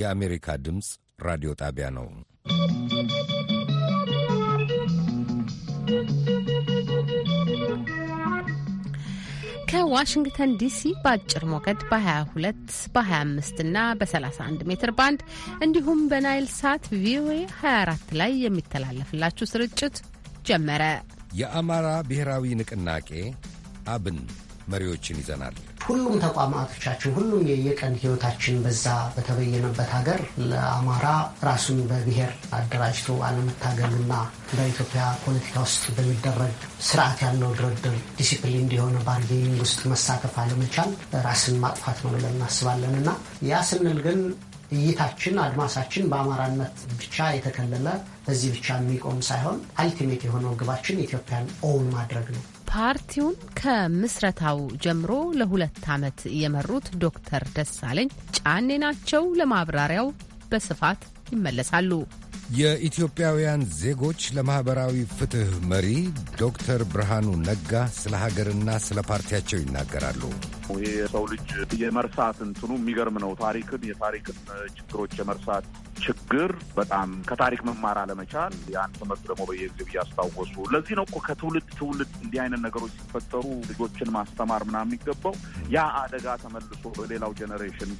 የአሜሪካ ድምፅ ራዲዮ ጣቢያ ነው። ከዋሽንግተን ዲሲ በአጭር ሞገድ በ22 በ25 እና በ31 ሜትር ባንድ እንዲሁም በናይል ሳት ቪኦኤ 24 ላይ የሚተላለፍላችሁ ስርጭት ጀመረ። የአማራ ብሔራዊ ንቅናቄ አብን መሪዎችን ይዘናል። ሁሉም ተቋማቶቻችን ሁሉም የየቀን ህይወታችን በዛ በተበየነበት ሀገር ለአማራ ራሱን በብሔር አደራጅቶ አለመታገልና በኢትዮጵያ ፖለቲካ ውስጥ በሚደረግ ስርዓት ያለው ድርድር ዲሲፕሊን እንዲሆነ ባርጌኒንግ ውስጥ መሳተፍ አለመቻል ራስን ማጥፋት ነው ብለን እናስባለን እና ያ ስንል ግን እይታችን አድማሳችን በአማራነት ብቻ የተከለለ በዚህ ብቻ የሚቆም ሳይሆን አልቲሜት የሆነው ግባችን ኢትዮጵያን ኦውን ማድረግ ነው። ፓርቲውን ከምስረታው ጀምሮ ለሁለት ዓመት የመሩት ዶክተር ደሳለኝ ጫኔ ናቸው። ለማብራሪያው በስፋት ይመለሳሉ። የኢትዮጵያውያን ዜጎች ለማኅበራዊ ፍትሕ መሪ ዶክተር ብርሃኑ ነጋ ስለ ሀገርና ስለ ፓርቲያቸው ይናገራሉ። ይሄ የሰው ልጅ የመርሳት እንትኑ የሚገርም ነው። ታሪክን የታሪክን ችግሮች የመርሳት ችግር በጣም ከታሪክ መማር አለመቻል የአንድ ትምህርት ደግሞ በየጊዜው እያስታወሱ ለዚህ ነው እኮ ከትውልድ ትውልድ እንዲህ አይነት ነገሮች ሲፈጠሩ ልጆችን ማስተማር ምናምን የሚገባው ያ አደጋ ተመልሶ በሌላው ጄኔሬሽን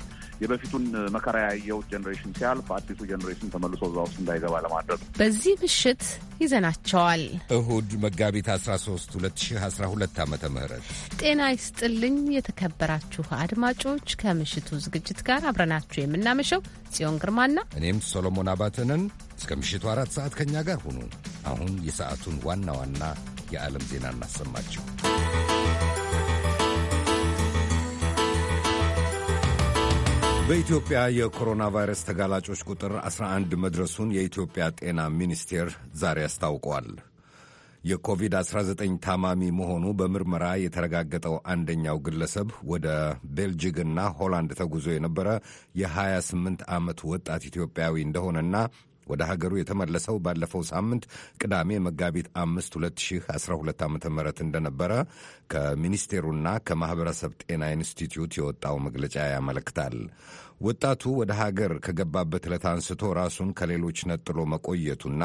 የበፊቱን መከራ ያየው ጀኔሬሽን ሲያልፍ አዲሱ ጀኔሬሽን ተመልሶ እዛ ውስጥ እንዳይገባ ለማድረግ በዚህ ምሽት ይዘናቸዋል። እሁድ መጋቢት 13 2012 ዓ ም ጤና ይስጥልኝ የተከበራችሁ አድማጮች፣ ከምሽቱ ዝግጅት ጋር አብረናችሁ የምናመሸው ጽዮን ግርማና እኔም ሶሎሞን አባተንን እስከ ምሽቱ አራት ሰዓት ከእኛ ጋር ሁኑ። አሁን የሰዓቱን ዋና ዋና የዓለም ዜና እናሰማችሁ። በኢትዮጵያ የኮሮና ቫይረስ ተጋላጮች ቁጥር 11 መድረሱን የኢትዮጵያ ጤና ሚኒስቴር ዛሬ አስታውቋል። የኮቪድ-19 ታማሚ መሆኑ በምርመራ የተረጋገጠው አንደኛው ግለሰብ ወደ ቤልጅግና ሆላንድ ተጉዞ የነበረ የ28 ዓመት ወጣት ኢትዮጵያዊ እንደሆነና ወደ ሀገሩ የተመለሰው ባለፈው ሳምንት ቅዳሜ መጋቢት አምስት ሁለት ዓመተ ም እንደነበረ ከሚኒስቴሩና ከማኅበረሰብ ጤና ኢንስቲትዩት የወጣው መግለጫ ያመለክታል። ወጣቱ ወደ ሀገር ከገባበት ዕለት አንስቶ ራሱን ከሌሎች ነጥሎ መቆየቱና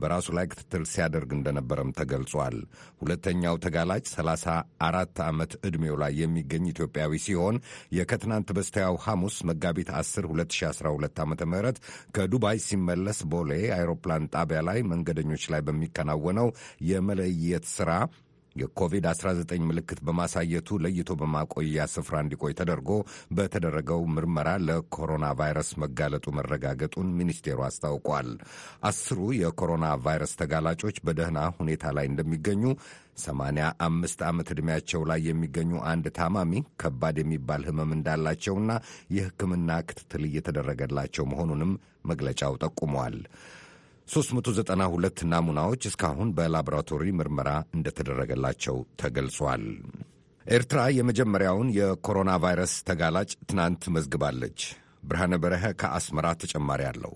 በራሱ ላይ ክትትል ሲያደርግ እንደነበረም ተገልጿል። ሁለተኛው ተጋላጭ ሰላሳ አራት ዓመት ዕድሜው ላይ የሚገኝ ኢትዮጵያዊ ሲሆን የከትናንት በስቲያው ሐሙስ መጋቢት 10 2012 ዓ ም ከዱባይ ሲመለስ ቦሌ አይሮፕላን ጣቢያ ላይ መንገደኞች ላይ በሚከናወነው የመለየት ሥራ የኮቪድ-19 ምልክት በማሳየቱ ለይቶ በማቆያ ስፍራ እንዲቆይ ተደርጎ በተደረገው ምርመራ ለኮሮና ቫይረስ መጋለጡ መረጋገጡን ሚኒስቴሩ አስታውቋል። አስሩ የኮሮና ቫይረስ ተጋላጮች በደህና ሁኔታ ላይ እንደሚገኙ፣ 85 ዓመት ዕድሜያቸው ላይ የሚገኙ አንድ ታማሚ ከባድ የሚባል ህመም እንዳላቸውና የሕክምና ክትትል እየተደረገላቸው መሆኑንም መግለጫው ጠቁመዋል። 392 ናሙናዎች እስካሁን በላቦራቶሪ ምርመራ እንደተደረገላቸው ተገልጿል። ኤርትራ የመጀመሪያውን የኮሮና ቫይረስ ተጋላጭ ትናንት መዝግባለች። ብርሃነ በረኸ ከአስመራ ተጨማሪ አለው።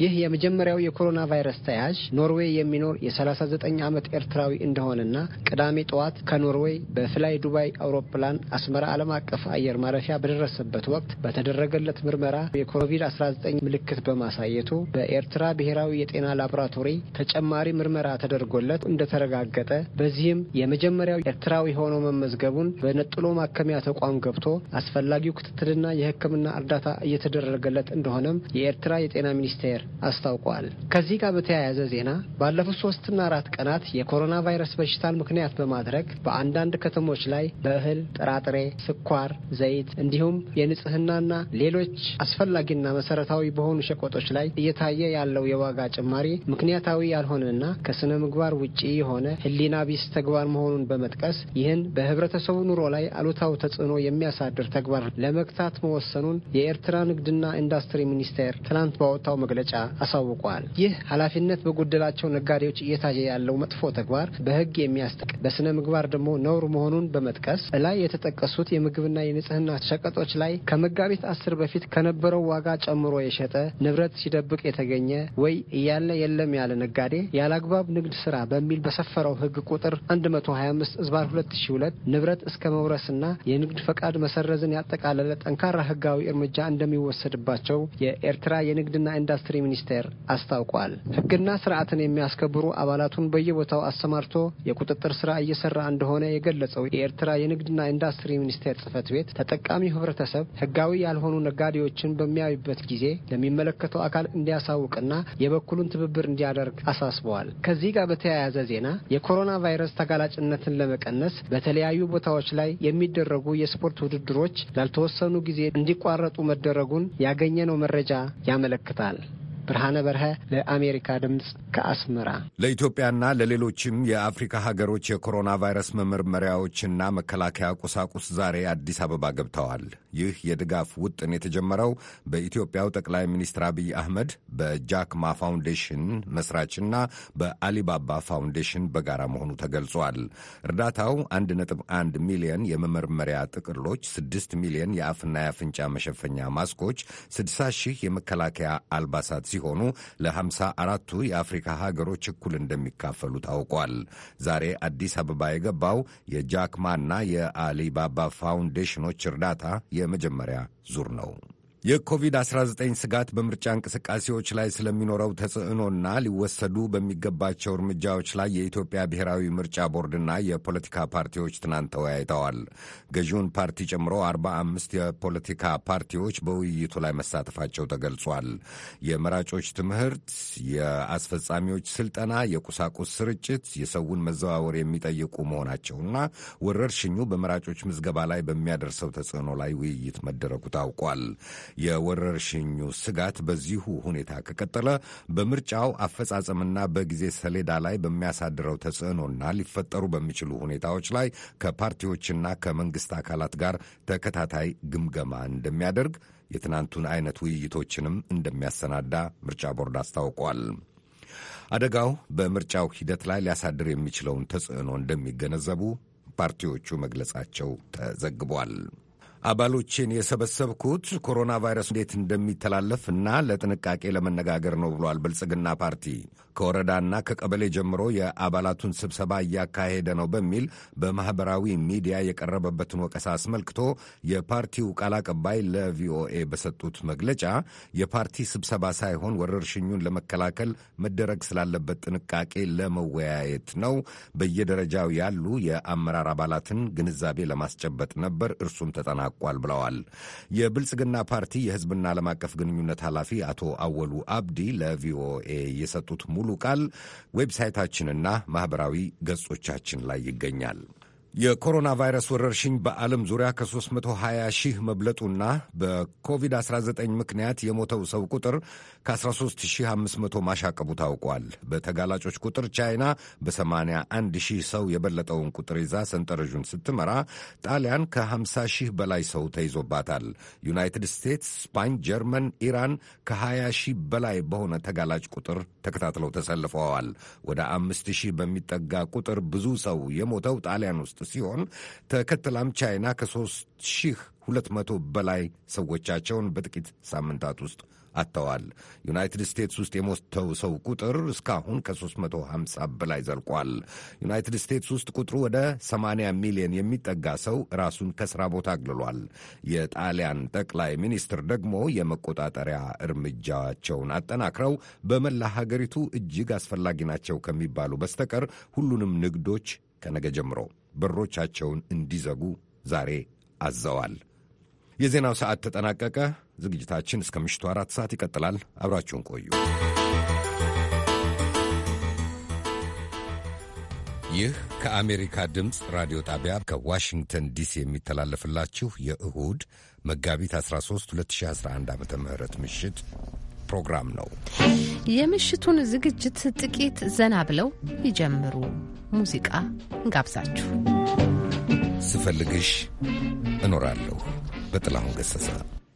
ይህ የመጀመሪያው የኮሮና ቫይረስ ተያዥ ኖርዌይ የሚኖር የ39 ዓመት ኤርትራዊ እንደሆነና ቅዳሜ ጠዋት ከኖርዌይ በፍላይ ዱባይ አውሮፕላን አስመራ ዓለም አቀፍ አየር ማረፊያ በደረሰበት ወቅት በተደረገለት ምርመራ የኮቪድ-19 ምልክት በማሳየቱ በኤርትራ ብሔራዊ የጤና ላቦራቶሪ ተጨማሪ ምርመራ ተደርጎለት እንደተረጋገጠ በዚህም የመጀመሪያው ኤርትራዊ ሆኖ መመዝገቡን በነጥሎ ማከሚያ ተቋም ገብቶ አስፈላጊው ክትትልና የሕክምና እርዳታ እየተደረገለት እንደሆነም የኤርትራ የጤና ሚኒስቴር አስታውቋል። ከዚህ ጋር በተያያዘ ዜና ባለፉት ሶስትና አራት ቀናት የኮሮና ቫይረስ በሽታን ምክንያት በማድረግ በአንዳንድ ከተሞች ላይ በእህል፣ ጥራጥሬ፣ ስኳር፣ ዘይት እንዲሁም የንጽህናና ሌሎች አስፈላጊና መሰረታዊ በሆኑ ሸቆጦች ላይ እየታየ ያለው የዋጋ ጭማሪ ምክንያታዊ ያልሆነና ከስነ ምግባር ውጪ የሆነ ህሊና ቢስ ተግባር መሆኑን በመጥቀስ ይህን በህብረተሰቡ ኑሮ ላይ አሉታው ተጽዕኖ የሚያሳድር ተግባር ለመግታት መወሰኑን የኤርትራ ንግድና ኢንዱስትሪ ሚኒስቴር ትናንት ባወጣው መግለጫ መግለጫ አሳውቋል። ይህ ኃላፊነት በጎደላቸው ነጋዴዎች እየታየ ያለው መጥፎ ተግባር በህግ የሚያስጠቅ በስነ ምግባር ደግሞ ነውር መሆኑን በመጥቀስ ላይ የተጠቀሱት የምግብና የንጽህና ሸቀጦች ላይ ከመጋቢት አስር በፊት ከነበረው ዋጋ ጨምሮ የሸጠ ንብረት ሲደብቅ የተገኘ ወይ እያለ የለም ያለ ነጋዴ ያለአግባብ ንግድ ስራ በሚል በሰፈረው ህግ ቁጥር 125 ዝባር 2002 ንብረት እስከ መውረስና የንግድ ፈቃድ መሰረዝን ያጠቃለለ ጠንካራ ህጋዊ እርምጃ እንደሚወሰድባቸው የኤርትራ የንግድና ኢንዱስትሪ ሚኒስቴር አስታውቋል። ሕግና ስርዓትን የሚያስከብሩ አባላቱን በየቦታው አሰማርቶ የቁጥጥር ስራ እየሰራ እንደሆነ የገለጸው የኤርትራ የንግድና ኢንዱስትሪ ሚኒስቴር ጽህፈት ቤት ተጠቃሚ ህብረተሰብ ህጋዊ ያልሆኑ ነጋዴዎችን በሚያዩበት ጊዜ ለሚመለከተው አካል እንዲያሳውቅና የበኩሉን ትብብር እንዲያደርግ አሳስበዋል። ከዚህ ጋር በተያያዘ ዜና የኮሮና ቫይረስ ተጋላጭነትን ለመቀነስ በተለያዩ ቦታዎች ላይ የሚደረጉ የስፖርት ውድድሮች ላልተወሰኑ ጊዜ እንዲቋረጡ መደረጉን ያገኘነው መረጃ ያመለክታል። ብርሃነ በርሀ ለአሜሪካ ድምፅ ከአስመራ። ለኢትዮጵያና ለሌሎችም የአፍሪካ ሀገሮች የኮሮና ቫይረስ መመርመሪያዎችና መከላከያ ቁሳቁስ ዛሬ አዲስ አበባ ገብተዋል። ይህ የድጋፍ ውጥን የተጀመረው በኢትዮጵያው ጠቅላይ ሚኒስትር አብይ አህመድ በጃክማ ፋውንዴሽን መስራችና በአሊባባ ፋውንዴሽን በጋራ መሆኑ ተገልጿል። እርዳታው 1.1 ሚሊዮን የመመርመሪያ ጥቅሎች፣ 6 ሚሊዮን የአፍና የአፍንጫ መሸፈኛ ማስኮች፣ 60 ሺህ የመከላከያ አልባሳት ሲሆን ሲሆኑ ለሃምሳ አራቱ የአፍሪካ ሀገሮች እኩል እንደሚካፈሉ ታውቋል። ዛሬ አዲስ አበባ የገባው የጃክማና የአሊባባ ፋውንዴሽኖች እርዳታ የመጀመሪያ ዙር ነው። የኮቪድ-19 ስጋት በምርጫ እንቅስቃሴዎች ላይ ስለሚኖረው ተጽዕኖና ሊወሰዱ በሚገባቸው እርምጃዎች ላይ የኢትዮጵያ ብሔራዊ ምርጫ ቦርድና የፖለቲካ ፓርቲዎች ትናንት ተወያይተዋል። ገዢውን ፓርቲ ጨምሮ አርባ አምስት የፖለቲካ ፓርቲዎች በውይይቱ ላይ መሳተፋቸው ተገልጿል። የመራጮች ትምህርት፣ የአስፈጻሚዎች ስልጠና፣ የቁሳቁስ ስርጭት፣ የሰውን መዘዋወር የሚጠይቁ መሆናቸውና ወረርሽኙ በመራጮች ምዝገባ ላይ በሚያደርሰው ተጽዕኖ ላይ ውይይት መደረጉ ታውቋል። የወረርሽኙ ስጋት በዚሁ ሁኔታ ከቀጠለ በምርጫው አፈጻጸምና በጊዜ ሰሌዳ ላይ በሚያሳድረው ተጽዕኖና ሊፈጠሩ በሚችሉ ሁኔታዎች ላይ ከፓርቲዎችና ከመንግስት አካላት ጋር ተከታታይ ግምገማ እንደሚያደርግ የትናንቱን አይነት ውይይቶችንም እንደሚያሰናዳ ምርጫ ቦርድ አስታውቋል። አደጋው በምርጫው ሂደት ላይ ሊያሳድር የሚችለውን ተጽዕኖ እንደሚገነዘቡ ፓርቲዎቹ መግለጻቸው ተዘግቧል። አባሎቼን የሰበሰብኩት ኮሮና ቫይረስ እንዴት እንደሚተላለፍ እና ለጥንቃቄ ለመነጋገር ነው ብሏል ብልጽግና ፓርቲ። ከወረዳና ከቀበሌ ጀምሮ የአባላቱን ስብሰባ እያካሄደ ነው በሚል በማኅበራዊ ሚዲያ የቀረበበትን ወቀሳ አስመልክቶ የፓርቲው ቃል አቀባይ ለቪኦኤ በሰጡት መግለጫ የፓርቲ ስብሰባ ሳይሆን ወረርሽኙን ለመከላከል መደረግ ስላለበት ጥንቃቄ ለመወያየት ነው። በየደረጃው ያሉ የአመራር አባላትን ግንዛቤ ለማስጨበጥ ነበር። እርሱም ተጠናቋል ብለዋል። የብልጽግና ፓርቲ የህዝብና ዓለም አቀፍ ግንኙነት ኃላፊ አቶ አወሉ አብዲ ለቪኦኤ የሰጡት ሙሉ ቃል ዌብሳይታችንና ማኅበራዊ ገጾቻችን ላይ ይገኛል። የኮሮና ቫይረስ ወረርሽኝ በዓለም ዙሪያ ከ320 ሺህ መብለጡና በኮቪድ-19 ምክንያት የሞተው ሰው ቁጥር ከ13500 ማሻቀቡ ታውቋል። በተጋላጮች ቁጥር ቻይና በ81 ሺህ ሰው የበለጠውን ቁጥር ይዛ ሰንጠረዡን ስትመራ፣ ጣሊያን ከ50 ሺህ በላይ ሰው ተይዞባታል። ዩናይትድ ስቴትስ፣ ስፓኝ፣ ጀርመን፣ ኢራን ከ20 ሺህ በላይ በሆነ ተጋላጭ ቁጥር ተከታትለው ተሰልፈዋል። ወደ 5000 ሺህ በሚጠጋ ቁጥር ብዙ ሰው የሞተው ጣሊያን ውስጥ ሲሆን ተከትላም ቻይና ከሦስት ሺህ በላይ ሰዎቻቸውን በጥቂት ሳምንታት ውስጥ አጥተዋል። ዩናይትድ ስቴትስ ውስጥ የሞተው ሰው ቁጥር እስካሁን ከ350 በላይ ዘልቋል። ዩናይትድ ስቴትስ ውስጥ ቁጥሩ ወደ 80 ሚሊዮን የሚጠጋ ሰው ራሱን ከስራ ቦታ አግልሏል። የጣሊያን ጠቅላይ ሚኒስትር ደግሞ የመቆጣጠሪያ እርምጃቸውን አጠናክረው በመላ ሀገሪቱ እጅግ አስፈላጊ ናቸው ከሚባሉ በስተቀር ሁሉንም ንግዶች ከነገ ጀምሮ በሮቻቸውን እንዲዘጉ ዛሬ አዘዋል። የዜናው ሰዓት ተጠናቀቀ። ዝግጅታችን እስከ ምሽቱ አራት ሰዓት ይቀጥላል። አብራችሁን ቆዩ። ይህ ከአሜሪካ ድምፅ ራዲዮ ጣቢያ ከዋሽንግተን ዲሲ የሚተላለፍላችሁ የእሁድ መጋቢት 13 2011 ዓ ም ምሽት ፕሮግራም ነው። የምሽቱን ዝግጅት ጥቂት ዘና ብለው ይጀምሩ። ሙዚቃ እንጋብዛችሁ። ስፈልግሽ እኖራለሁ በጥላሁን ገሰሰ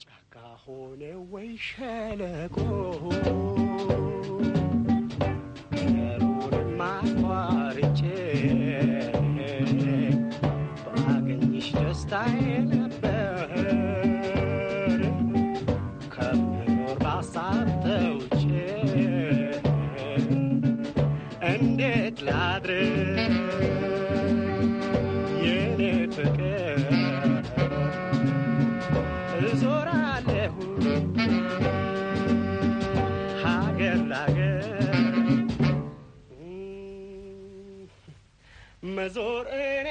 ጫካ ሆነ ወይ ሸለቆ መዞር እኔ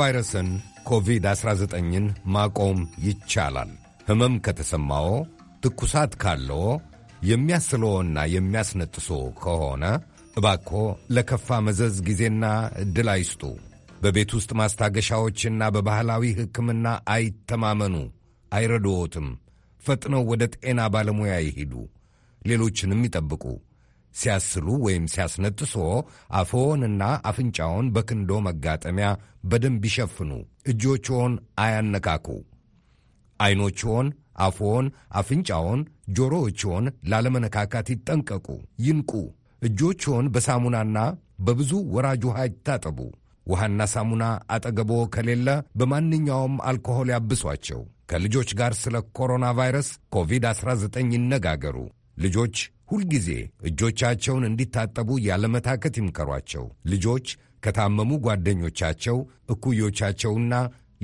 ቫይረስን ኮቪድ-19ን ማቆም ይቻላል። ህመም ከተሰማዎ፣ ትኩሳት ካለዎ፣ የሚያስለዎና የሚያስነጥሶ ከሆነ እባክዎ ለከፋ መዘዝ ጊዜና ዕድል አይስጡ። በቤት ውስጥ ማስታገሻዎችና በባህላዊ ሕክምና አይተማመኑ፣ አይረድዎትም። ፈጥነው ወደ ጤና ባለሙያ ይሂዱ፣ ሌሎችንም ይጠብቁ። ሲያስሉ ወይም ሲያስነጥሶ አፎንና አፍንጫውን በክንዶ መጋጠሚያ በደንብ ይሸፍኑ። እጆችዎን አያነካኩ። ዐይኖችዎን፣ አፎን አፍንጫውን ጆሮዎችዎን ላለመነካካት ይጠንቀቁ። ይንቁ። እጆችዎን በሳሙናና በብዙ ወራጅ ውሃ ይታጠቡ። ውሃና ሳሙና አጠገቦ ከሌለ በማንኛውም አልኮሆል ያብሷቸው። ከልጆች ጋር ስለ ኮሮና ቫይረስ ኮቪድ-19 ይነጋገሩ። ልጆች ሁልጊዜ እጆቻቸውን እንዲታጠቡ ያለመታከት ይምከሯቸው። ልጆች ከታመሙ ጓደኞቻቸው፣ እኩዮቻቸውና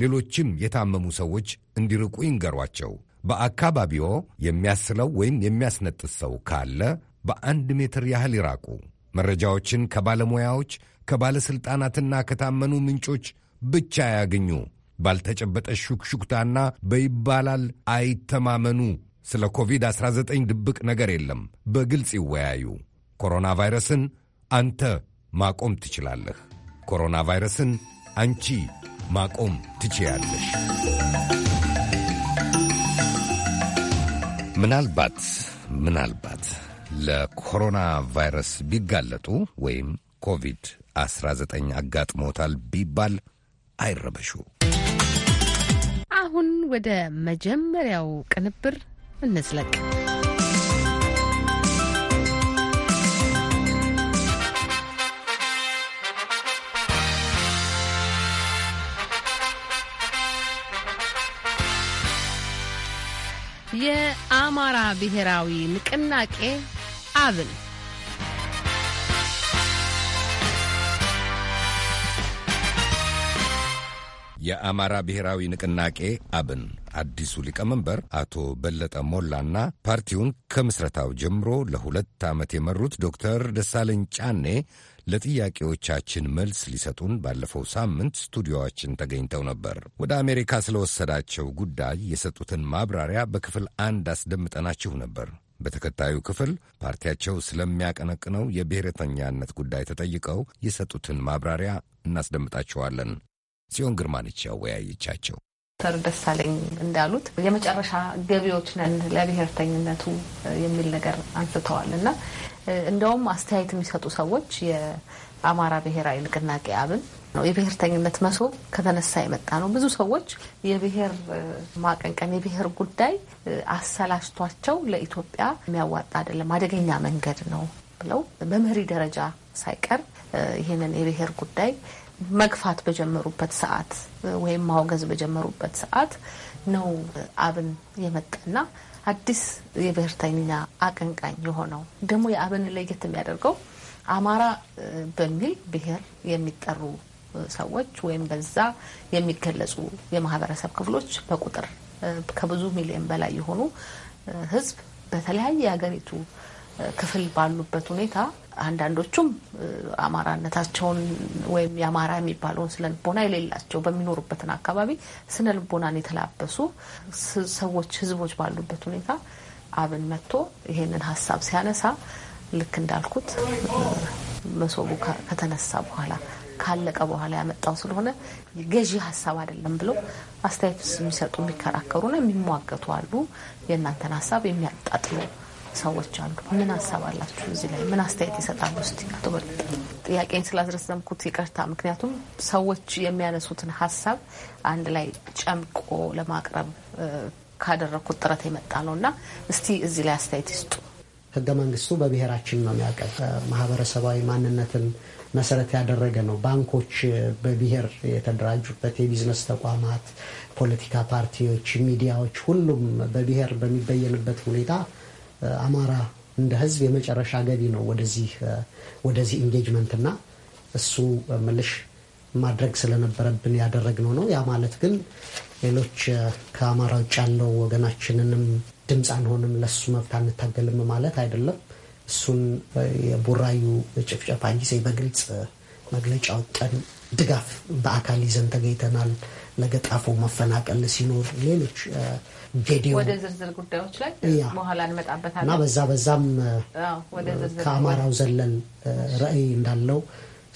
ሌሎችም የታመሙ ሰዎች እንዲርቁ ይንገሯቸው። በአካባቢዎ የሚያስለው ወይም የሚያስነጥስ ሰው ካለ በአንድ ሜትር ያህል ይራቁ። መረጃዎችን ከባለሙያዎች ከባለሥልጣናትና ከታመኑ ምንጮች ብቻ ያግኙ። ባልተጨበጠ ሹክሹክታና በይባላል አይተማመኑ። ስለ ኮቪድ-19 ድብቅ ነገር የለም። በግልጽ ይወያዩ። ኮሮና ቫይረስን አንተ ማቆም ትችላለህ። ኮሮና ቫይረስን አንቺ ማቆም ትችያለሽ። ምናልባት ምናልባት ለኮሮና ቫይረስ ቢጋለጡ ወይም ኮቪድ-19 አጋጥሞታል ቢባል አይረበሹ። አሁን ወደ መጀመሪያው ቅንብር እንዝለቅ። የአማራ ብሔራዊ ንቅናቄ አብን የአማራ ብሔራዊ ንቅናቄ አብን አዲሱ ሊቀመንበር አቶ በለጠ ሞላና ፓርቲውን ከምስረታው ጀምሮ ለሁለት ዓመት የመሩት ዶክተር ደሳለኝ ጫኔ ለጥያቄዎቻችን መልስ ሊሰጡን ባለፈው ሳምንት ስቱዲዮዎችን ተገኝተው ነበር። ወደ አሜሪካ ስለወሰዳቸው ጉዳይ የሰጡትን ማብራሪያ በክፍል አንድ አስደምጠናችሁ ነበር። በተከታዩ ክፍል ፓርቲያቸው ስለሚያቀነቅነው የብሔረተኛነት ጉዳይ ተጠይቀው የሰጡትን ማብራሪያ እናስደምጣችኋለን። ጽዮን ግርማ ነች ያወያየቻቸው። ዶክተር ደሳለኝ እንዳሉት የመጨረሻ ገቢዎች ነን ለብሔርተኝነቱ የሚል ነገር አንስተዋል እና እንደውም አስተያየት የሚሰጡ ሰዎች የአማራ ብሔራዊ ንቅናቄ አብን ነው የብሔርተኝነት መሶብ ከተነሳ የመጣ ነው። ብዙ ሰዎች የብሔር ማቀንቀን የብሔር ጉዳይ አሰላሽቷቸው ለኢትዮጵያ የሚያዋጣ አይደለም፣ አደገኛ መንገድ ነው ብለው በመሪ ደረጃ ሳይቀር ይህንን የብሔር ጉዳይ መግፋት በጀመሩበት ሰዓት ወይም ማውገዝ በጀመሩበት ሰዓት ነው አብን የመጣና አዲስ የብሔርተኛ አቀንቃኝ የሆነው። ደግሞ የአብን ለየት የሚያደርገው አማራ በሚል ብሔር የሚጠሩ ሰዎች ወይም በዛ የሚገለጹ የማህበረሰብ ክፍሎች በቁጥር ከብዙ ሚሊዮን በላይ የሆኑ ህዝብ በተለያየ የሀገሪቱ ክፍል ባሉበት ሁኔታ አንዳንዶቹም አማራነታቸውን ወይም የአማራ የሚባለውን ስነ ልቦና የሌላቸው በሚኖሩበትን አካባቢ ስነ ልቦናን የተላበሱ ሰዎች፣ ህዝቦች ባሉበት ሁኔታ አብን መጥቶ ይሄንን ሀሳብ ሲያነሳ ልክ እንዳልኩት መሶቡ ከተነሳ በኋላ ካለቀ በኋላ ያመጣው ስለሆነ ገዢ ሀሳብ አይደለም ብለው አስተያየት የሚሰጡ የሚከራከሩና የሚሟገቱ አሉ። የእናንተን ሀሳብ የሚያጣጥሉ ሰዎች አሉ። ምን ሀሳብ አላችሁ? እዚህ ላይ ምን አስተያየት ይሰጣሉ? እስቲ አቶ ጥያቄን ስላስረዘምኩት ይቅርታ። ምክንያቱም ሰዎች የሚያነሱትን ሀሳብ አንድ ላይ ጨምቆ ለማቅረብ ካደረግኩት ጥረት የመጣ ነው እና እስቲ እዚህ ላይ አስተያየት ይስጡ። ህገ መንግስቱ በብሔራችን ነው የሚያውቀው። ማህበረሰባዊ ማንነትን መሰረት ያደረገ ነው። ባንኮች በብሔር የተደራጁበት፣ የቢዝነስ ተቋማት፣ ፖለቲካ ፓርቲዎች፣ ሚዲያዎች ሁሉም በብሔር በሚበየንበት ሁኔታ አማራ እንደ ህዝብ የመጨረሻ ገቢ ነው ወደዚህ ወደዚህ እና እሱ ምልሽ ማድረግ ስለነበረብን ያደረግነው ነው። ያ ማለት ግን ሌሎች ከአማራ ውጭ ያለው ወገናችንንም ድምፅ አንሆንም፣ ለሱ መብት አንታገልም ማለት አይደለም። እሱን የቡራዩ ጭፍጨፋ ጊዜ በግልጽ መግለጫ ወጠን ድጋፍ በአካል ይዘን ተገኝተናል። ለገጣፎ መፈናቀል ሲኖር ሌሎች ጌዲዮ ወደ ዝርዝር ጉዳዮች ላይ በኋላ እንመጣበታለን እና በዛ በዛም ከአማራው ዘለል ራዕይ እንዳለው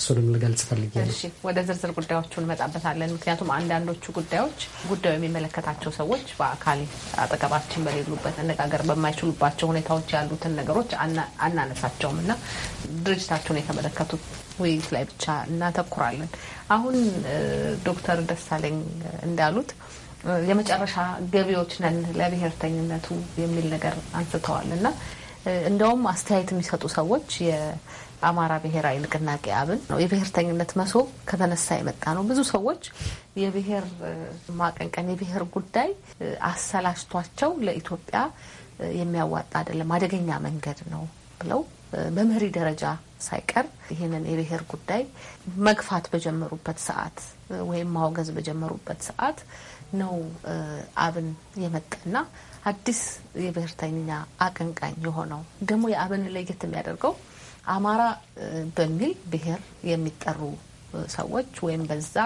እሱንም ልገልጽ ፈልጌ ነው። ወደ ዝርዝር ጉዳዮቹ እንመጣበታለን። ምክንያቱም አንዳንዶቹ ጉዳዮች ጉዳዩ የሚመለከታቸው ሰዎች በአካል አጠገባችን በሌሉበት አነጋገር በማይችሉባቸው ሁኔታዎች ያሉትን ነገሮች አናነሳቸውም እና ድርጅታቸውን የተመለከቱት ውይይት ላይ ብቻ እናተኩራለን። አሁን ዶክተር ደሳለኝ እንዳሉት የመጨረሻ ገቢዎች ነን ለብሔርተኝነቱ የሚል ነገር አንስተዋል እና እንደውም አስተያየት የሚሰጡ ሰዎች የአማራ ብሔራዊ ንቅናቄ አብን ነው የብሔርተኝነት መሶብ ከተነሳ የመጣ ነው። ብዙ ሰዎች የብሔር ማቀንቀን የብሔር ጉዳይ አሰላሽቷቸው ለኢትዮጵያ የሚያዋጣ አይደለም፣ አደገኛ መንገድ ነው ብለው በመሪ ደረጃ ሳይቀር ይህንን የብሔር ጉዳይ መግፋት በጀመሩበት ሰዓት ወይም ማውገዝ በጀመሩበት ሰዓት ነው አብን የመጣና አዲስ የብሔርተኛ አቀንቃኝ የሆነው ደግሞ የአብን ለየት የሚያደርገው አማራ በሚል ብሔር የሚጠሩ ሰዎች ወይም በዛ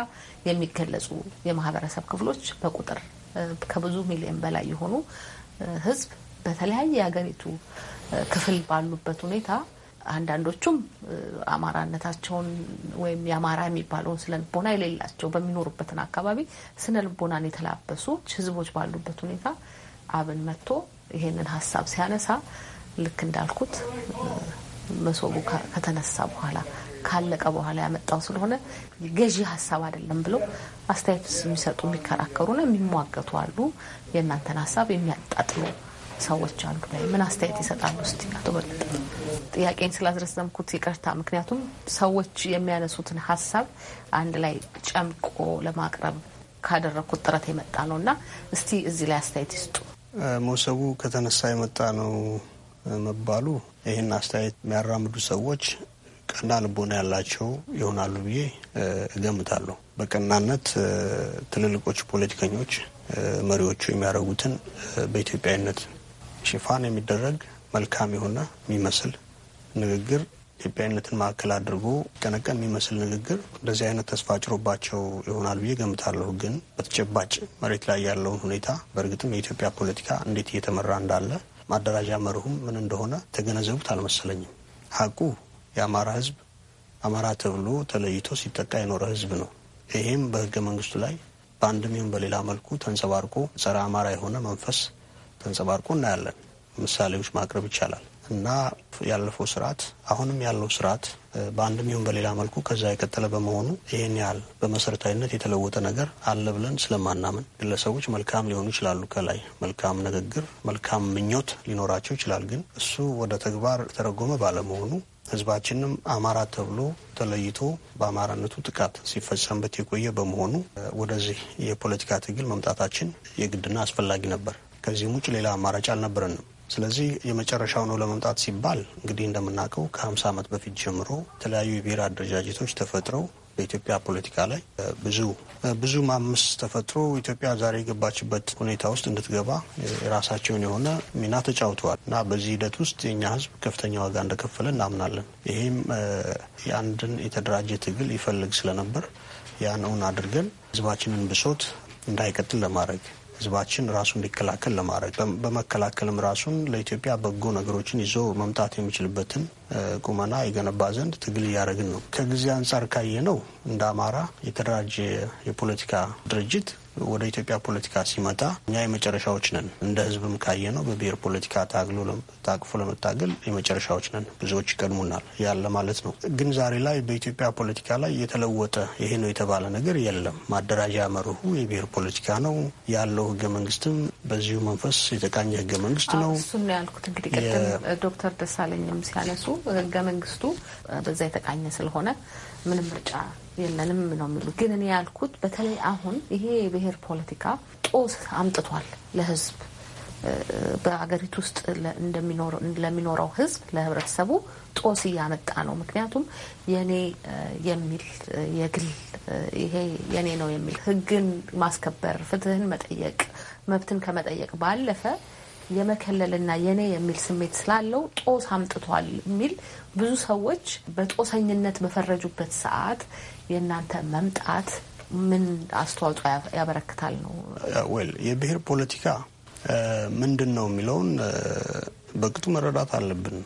የሚገለጹ የማህበረሰብ ክፍሎች በቁጥር ከብዙ ሚሊዮን በላይ የሆኑ ህዝብ በተለያየ የሀገሪቱ ክፍል ባሉበት ሁኔታ አንዳንዶቹም አማራነታቸውን ወይም የአማራ የሚባለውን ስነ ልቦና የሌላቸው በሚኖሩበትን አካባቢ ስነ ልቦናን የተላበሱ ህዝቦች ባሉበት ሁኔታ አብን መጥቶ ይሄንን ሀሳብ ሲያነሳ ልክ እንዳልኩት መሶቡ ከተነሳ በኋላ ካለቀ በኋላ ያመጣው ስለሆነ ገዢ ሀሳብ አይደለም ብለው አስተያየት የሚሰጡ የሚከራከሩና የሚሟገቱ አሉ። የእናንተን ሀሳብ የሚያጣጥሉ ሰዎች አሉ። ምን አስተያየት ይሰጣሉ? ስ አቶ በለጠ ጥያቄን ስላስረዘምኩት ይቅርታ። ምክንያቱም ሰዎች የሚያነሱትን ሀሳብ አንድ ላይ ጨምቆ ለማቅረብ ካደረግኩት ጥረት የመጣ ነው እና እስቲ እዚህ ላይ አስተያየት ይስጡ። መሶቡ ከተነሳ የመጣ ነው መባሉ ይህን አስተያየት የሚያራምዱ ሰዎች ቀና ልቦና ያላቸው ይሆናሉ ብዬ እገምታለሁ። በቀናነት ትልልቆች ፖለቲከኞች መሪዎቹ የሚያደርጉትን በኢትዮጵያዊነት ሽፋን የሚደረግ መልካም የሆነ የሚመስል ንግግር ኢትዮጵያዊነትን ማዕከል አድርጎ ቀነቀን የሚመስል ንግግር እንደዚህ አይነት ተስፋ ጭሮባቸው ይሆናል ብዬ ገምታለሁ። ግን በተጨባጭ መሬት ላይ ያለውን ሁኔታ በእርግጥም የኢትዮጵያ ፖለቲካ እንዴት እየተመራ እንዳለ ማደራጃ መርሁም ምን እንደሆነ ተገነዘቡት አልመሰለኝም። ሀቁ የአማራ ህዝብ አማራ ተብሎ ተለይቶ ሲጠቃ የኖረ ህዝብ ነው። ይሄም በህገ መንግስቱ ላይ በአንድም ይሁን በሌላ መልኩ ተንጸባርቆ ጸረ አማራ የሆነ መንፈስ ተንጸባርቆ እናያለን። ምሳሌዎች ማቅረብ ይቻላል እና ያለፈው ስርዓት አሁንም ያለው ስርዓት በአንድም ይሁን በሌላ መልኩ ከዛ የቀጠለ በመሆኑ ይህን ያህል በመሰረታዊነት የተለወጠ ነገር አለ ብለን ስለማናምን ግለሰቦች መልካም ሊሆኑ ይችላሉ። ከላይ መልካም ንግግር፣ መልካም ምኞት ሊኖራቸው ይችላል። ግን እሱ ወደ ተግባር ተረጎመ ባለመሆኑ ህዝባችንም አማራ ተብሎ ተለይቶ በአማራነቱ ጥቃት ሲፈጸምበት የቆየ በመሆኑ ወደዚህ የፖለቲካ ትግል መምጣታችን የግድና አስፈላጊ ነበር። ከዚህም ውጭ ሌላ አማራጭ አልነበረንም። ስለዚህ የመጨረሻው ነው ለመምጣት ሲባል እንግዲህ እንደምናውቀው ከ50 ዓመት በፊት ጀምሮ የተለያዩ የብሔር አደረጃጀቶች ተፈጥረው በኢትዮጵያ ፖለቲካ ላይ ብዙ ብዙ ማምስ ተፈጥሮ ኢትዮጵያ ዛሬ የገባችበት ሁኔታ ውስጥ እንድትገባ የራሳቸውን የሆነ ሚና ተጫውተዋል እና በዚህ ሂደት ውስጥ የእኛ ሕዝብ ከፍተኛ ዋጋ እንደከፈለ እናምናለን። ይህም የአንድን የተደራጀ ትግል ይፈልግ ስለነበር ያን እውን አድርገን ሕዝባችንን ብሶት እንዳይቀጥል ለማድረግ ህዝባችን ራሱን እንዲከላከል ለማድረግ በመከላከልም ራሱን ለኢትዮጵያ በጎ ነገሮችን ይዞ መምጣት የሚችልበትን ቁመና የገነባ ዘንድ ትግል እያደረግን ነው። ከጊዜ አንጻር ካየ ነው እንደ አማራ የተደራጀ የፖለቲካ ድርጅት ወደ ኢትዮጵያ ፖለቲካ ሲመጣ እኛ የመጨረሻዎች ነን። እንደ ህዝብም ካየ ነው በብሔር ፖለቲካ ታግሎ ታቅፎ ለመታገል የመጨረሻዎች ነን። ብዙዎች ይቀድሙናል ያለ ማለት ነው። ግን ዛሬ ላይ በኢትዮጵያ ፖለቲካ ላይ የተለወጠ ይሄ ነው የተባለ ነገር የለም። ማደራጃ መርሁ የብሔር ፖለቲካ ነው ያለው። ህገ መንግስትም በዚሁ መንፈስ የተቃኘ ህገ መንግስት ነው። እሱም ያልኩት። እንግዲህ ቅድም ዶክተር ደሳለኝም ሲያነሱ ህገ መንግስቱ በዛ የተቃኘ ስለሆነ ምንም ምርጫ የለንም ነው የሚሉ ግን እኔ ያልኩት በተለይ አሁን ይሄ የብሔር ፖለቲካ ጦስ አምጥቷል ለህዝብ በሀገሪቱ ውስጥ ለሚኖረው ህዝብ ለህብረተሰቡ ጦስ እያመጣ ነው። ምክንያቱም የኔ የሚል የግል ይሄ የኔ ነው የሚል ህግን ማስከበር፣ ፍትህን መጠየቅ፣ መብትን ከመጠየቅ ባለፈ የመከለልና የኔ የሚል ስሜት ስላለው ጦስ አምጥቷል የሚል ብዙ ሰዎች በጦሰኝነት በፈረጁበት ሰዓት የእናንተ መምጣት ምን አስተዋጽኦ ያበረክታል ነው? ዌል የብሔር ፖለቲካ ምንድን ነው የሚለውን በቅጡ መረዳት አለብን።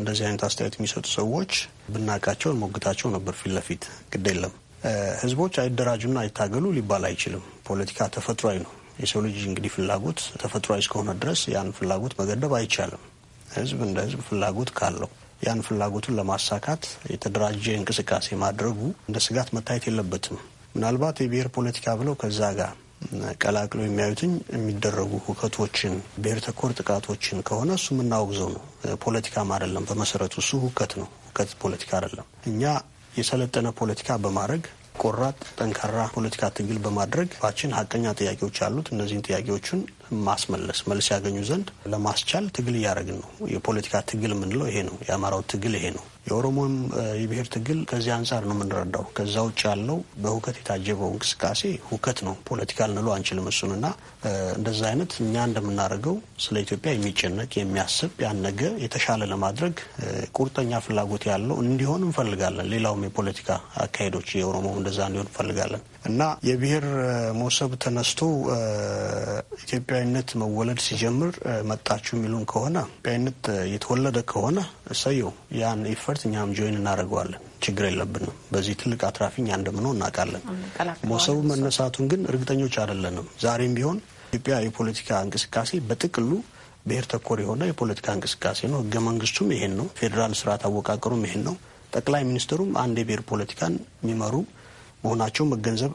እንደዚህ አይነት አስተያየት የሚሰጡ ሰዎች ብናቃቸው ሞግታቸው ነበር ፊት ለፊት ግድ የለም ህዝቦች አይደራጁና አይታገሉ ሊባል አይችልም። ፖለቲካ ተፈጥሯዊ ነው። የሰው ልጅ እንግዲህ ፍላጎት ተፈጥሯዊ እስከሆነ ድረስ ያን ፍላጎት መገደብ አይቻልም። ህዝብ እንደ ህዝብ ፍላጎት ካለው ያን ፍላጎቱን ለማሳካት የተደራጀ እንቅስቃሴ ማድረጉ እንደ ስጋት መታየት የለበትም። ምናልባት የብሔር ፖለቲካ ብለው ከዛ ጋር ቀላቅለው የሚያዩትኝ የሚደረጉ ሁከቶችን፣ ብሔር ተኮር ጥቃቶችን ከሆነ እሱ የምናወግዘው ነው። ፖለቲካም አይደለም በመሰረቱ እሱ ሁከት ነው። ሁከት ፖለቲካ አይደለም። እኛ የሰለጠነ ፖለቲካ በማድረግ ቆራጥ፣ ጠንካራ ፖለቲካ ትግል በማድረግ ችን ሀቀኛ ጥያቄዎች አሉት። እነዚህን ጥያቄዎችን ማስመለስ መልስ ያገኙ ዘንድ ለማስቻል ትግል እያደረግን ነው። የፖለቲካ ትግል የምንለው ይሄ ነው። የአማራው ትግል ይሄ ነው። የኦሮሞም የብሔር ትግል ከዚህ አንጻር ነው የምንረዳው። ከዛ ውጭ ያለው በሁከት የታጀበው እንቅስቃሴ ሁከት ነው። ፖለቲካ ልንለው አንችልም እሱን እና እንደዛ አይነት እኛ እንደምናደርገው ስለ ኢትዮጵያ የሚጨነቅ የሚያስብ ያን ነገ የተሻለ ለማድረግ ቁርጠኛ ፍላጎት ያለው እንዲሆን እንፈልጋለን። ሌላውም የፖለቲካ አካሄዶች የኦሮሞ እንደዛ እንዲሆን እንፈልጋለን። እና የብሔር መውሰብ ተነስቶ ኢትዮጵያዊነት መወለድ ሲጀምር መጣችሁ የሚሉን ከሆነ ኢትዮጵያዊነት የተወለደ ከሆነ እሰየው፣ ያን ኢፈርት እኛም ጆይን እናደርገዋለን። ችግር የለብንም። በዚህ ትልቅ አትራፊ እኛ እንደምንሆን እናውቃለን። መውሰቡ መነሳቱን ግን እርግጠኞች አይደለንም። ዛሬም ቢሆን ኢትዮጵያ የፖለቲካ እንቅስቃሴ በጥቅሉ ብሔር ተኮር የሆነ የፖለቲካ እንቅስቃሴ ነው። ህገ መንግስቱም ይሄን ነው። ፌዴራል ስርዓት አወቃቀሩም ይሄን ነው። ጠቅላይ ሚኒስትሩም አንድ የብሔር ፖለቲካን የሚመሩ መሆናቸው መገንዘብ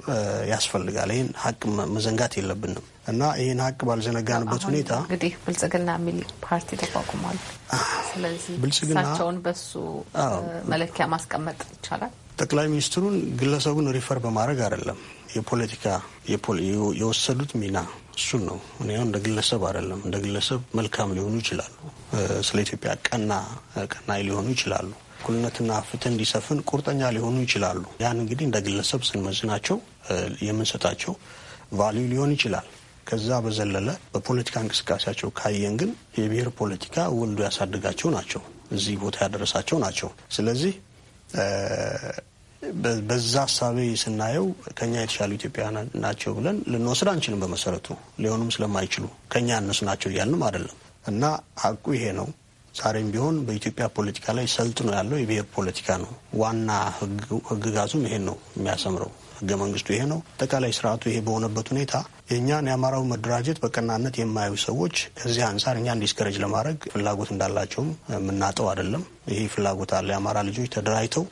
ያስፈልጋል። ይህን ሀቅ መዘንጋት የለብንም እና ይህን ሀቅ ባልዘነጋንበት ሁኔታ እንግዲህ ብልጽግና የሚል ፓርቲ ተቋቁሟል። ስለዚህ ብልጽግናቸውን በሱ መለኪያ ማስቀመጥ ይቻላል። ጠቅላይ ሚኒስትሩን ግለሰቡን ሪፈር በማድረግ አይደለም የፖለቲካ የወሰዱት ሚና እሱን ነው። እኔ እንደ ግለሰብ አይደለም። እንደ ግለሰብ መልካም ሊሆኑ ይችላሉ። ስለ ኢትዮጵያ ቀና ቀናይ ሊሆኑ ይችላሉ። እኩልነትና ፍትህ እንዲሰፍን ቁርጠኛ ሊሆኑ ይችላሉ። ያን እንግዲህ እንደ ግለሰብ ስንመዝናቸው የምንሰጣቸው ቫሊዩ ሊሆን ይችላል። ከዛ በዘለለ በፖለቲካ እንቅስቃሴያቸው ካየን ግን የብሔር ፖለቲካ ወልዶ ያሳደጋቸው ናቸው፣ እዚህ ቦታ ያደረሳቸው ናቸው። ስለዚህ በዛ ሀሳቤ ስናየው ከኛ የተሻሉ ኢትዮጵያውያን ናቸው ብለን ልንወስድ አንችልም። በመሰረቱ ሊሆኑም ስለማይችሉ ከኛ እነሱ ናቸው እያልንም አይደለም እና ሀቁ ይሄ ነው። ዛሬም ቢሆን በኢትዮጵያ ፖለቲካ ላይ ሰልጥኖ ያለው የብሔር ፖለቲካ ነው። ዋና ህግጋቱም ይሄን ነው የሚያሰምረው። ህገ መንግስቱ ይሄ ነው። አጠቃላይ ስርዓቱ ይሄ በሆነበት ሁኔታ የእኛን የአማራው መደራጀት በቀናነት የማያዩ ሰዎች ከዚህ አንጻር እኛን ዲስከረጅ ለማድረግ ፍላጎት እንዳላቸውም የምናጠው አይደለም። ይሄ ፍላጎት አለ። የአማራ ልጆች ተደራጅተው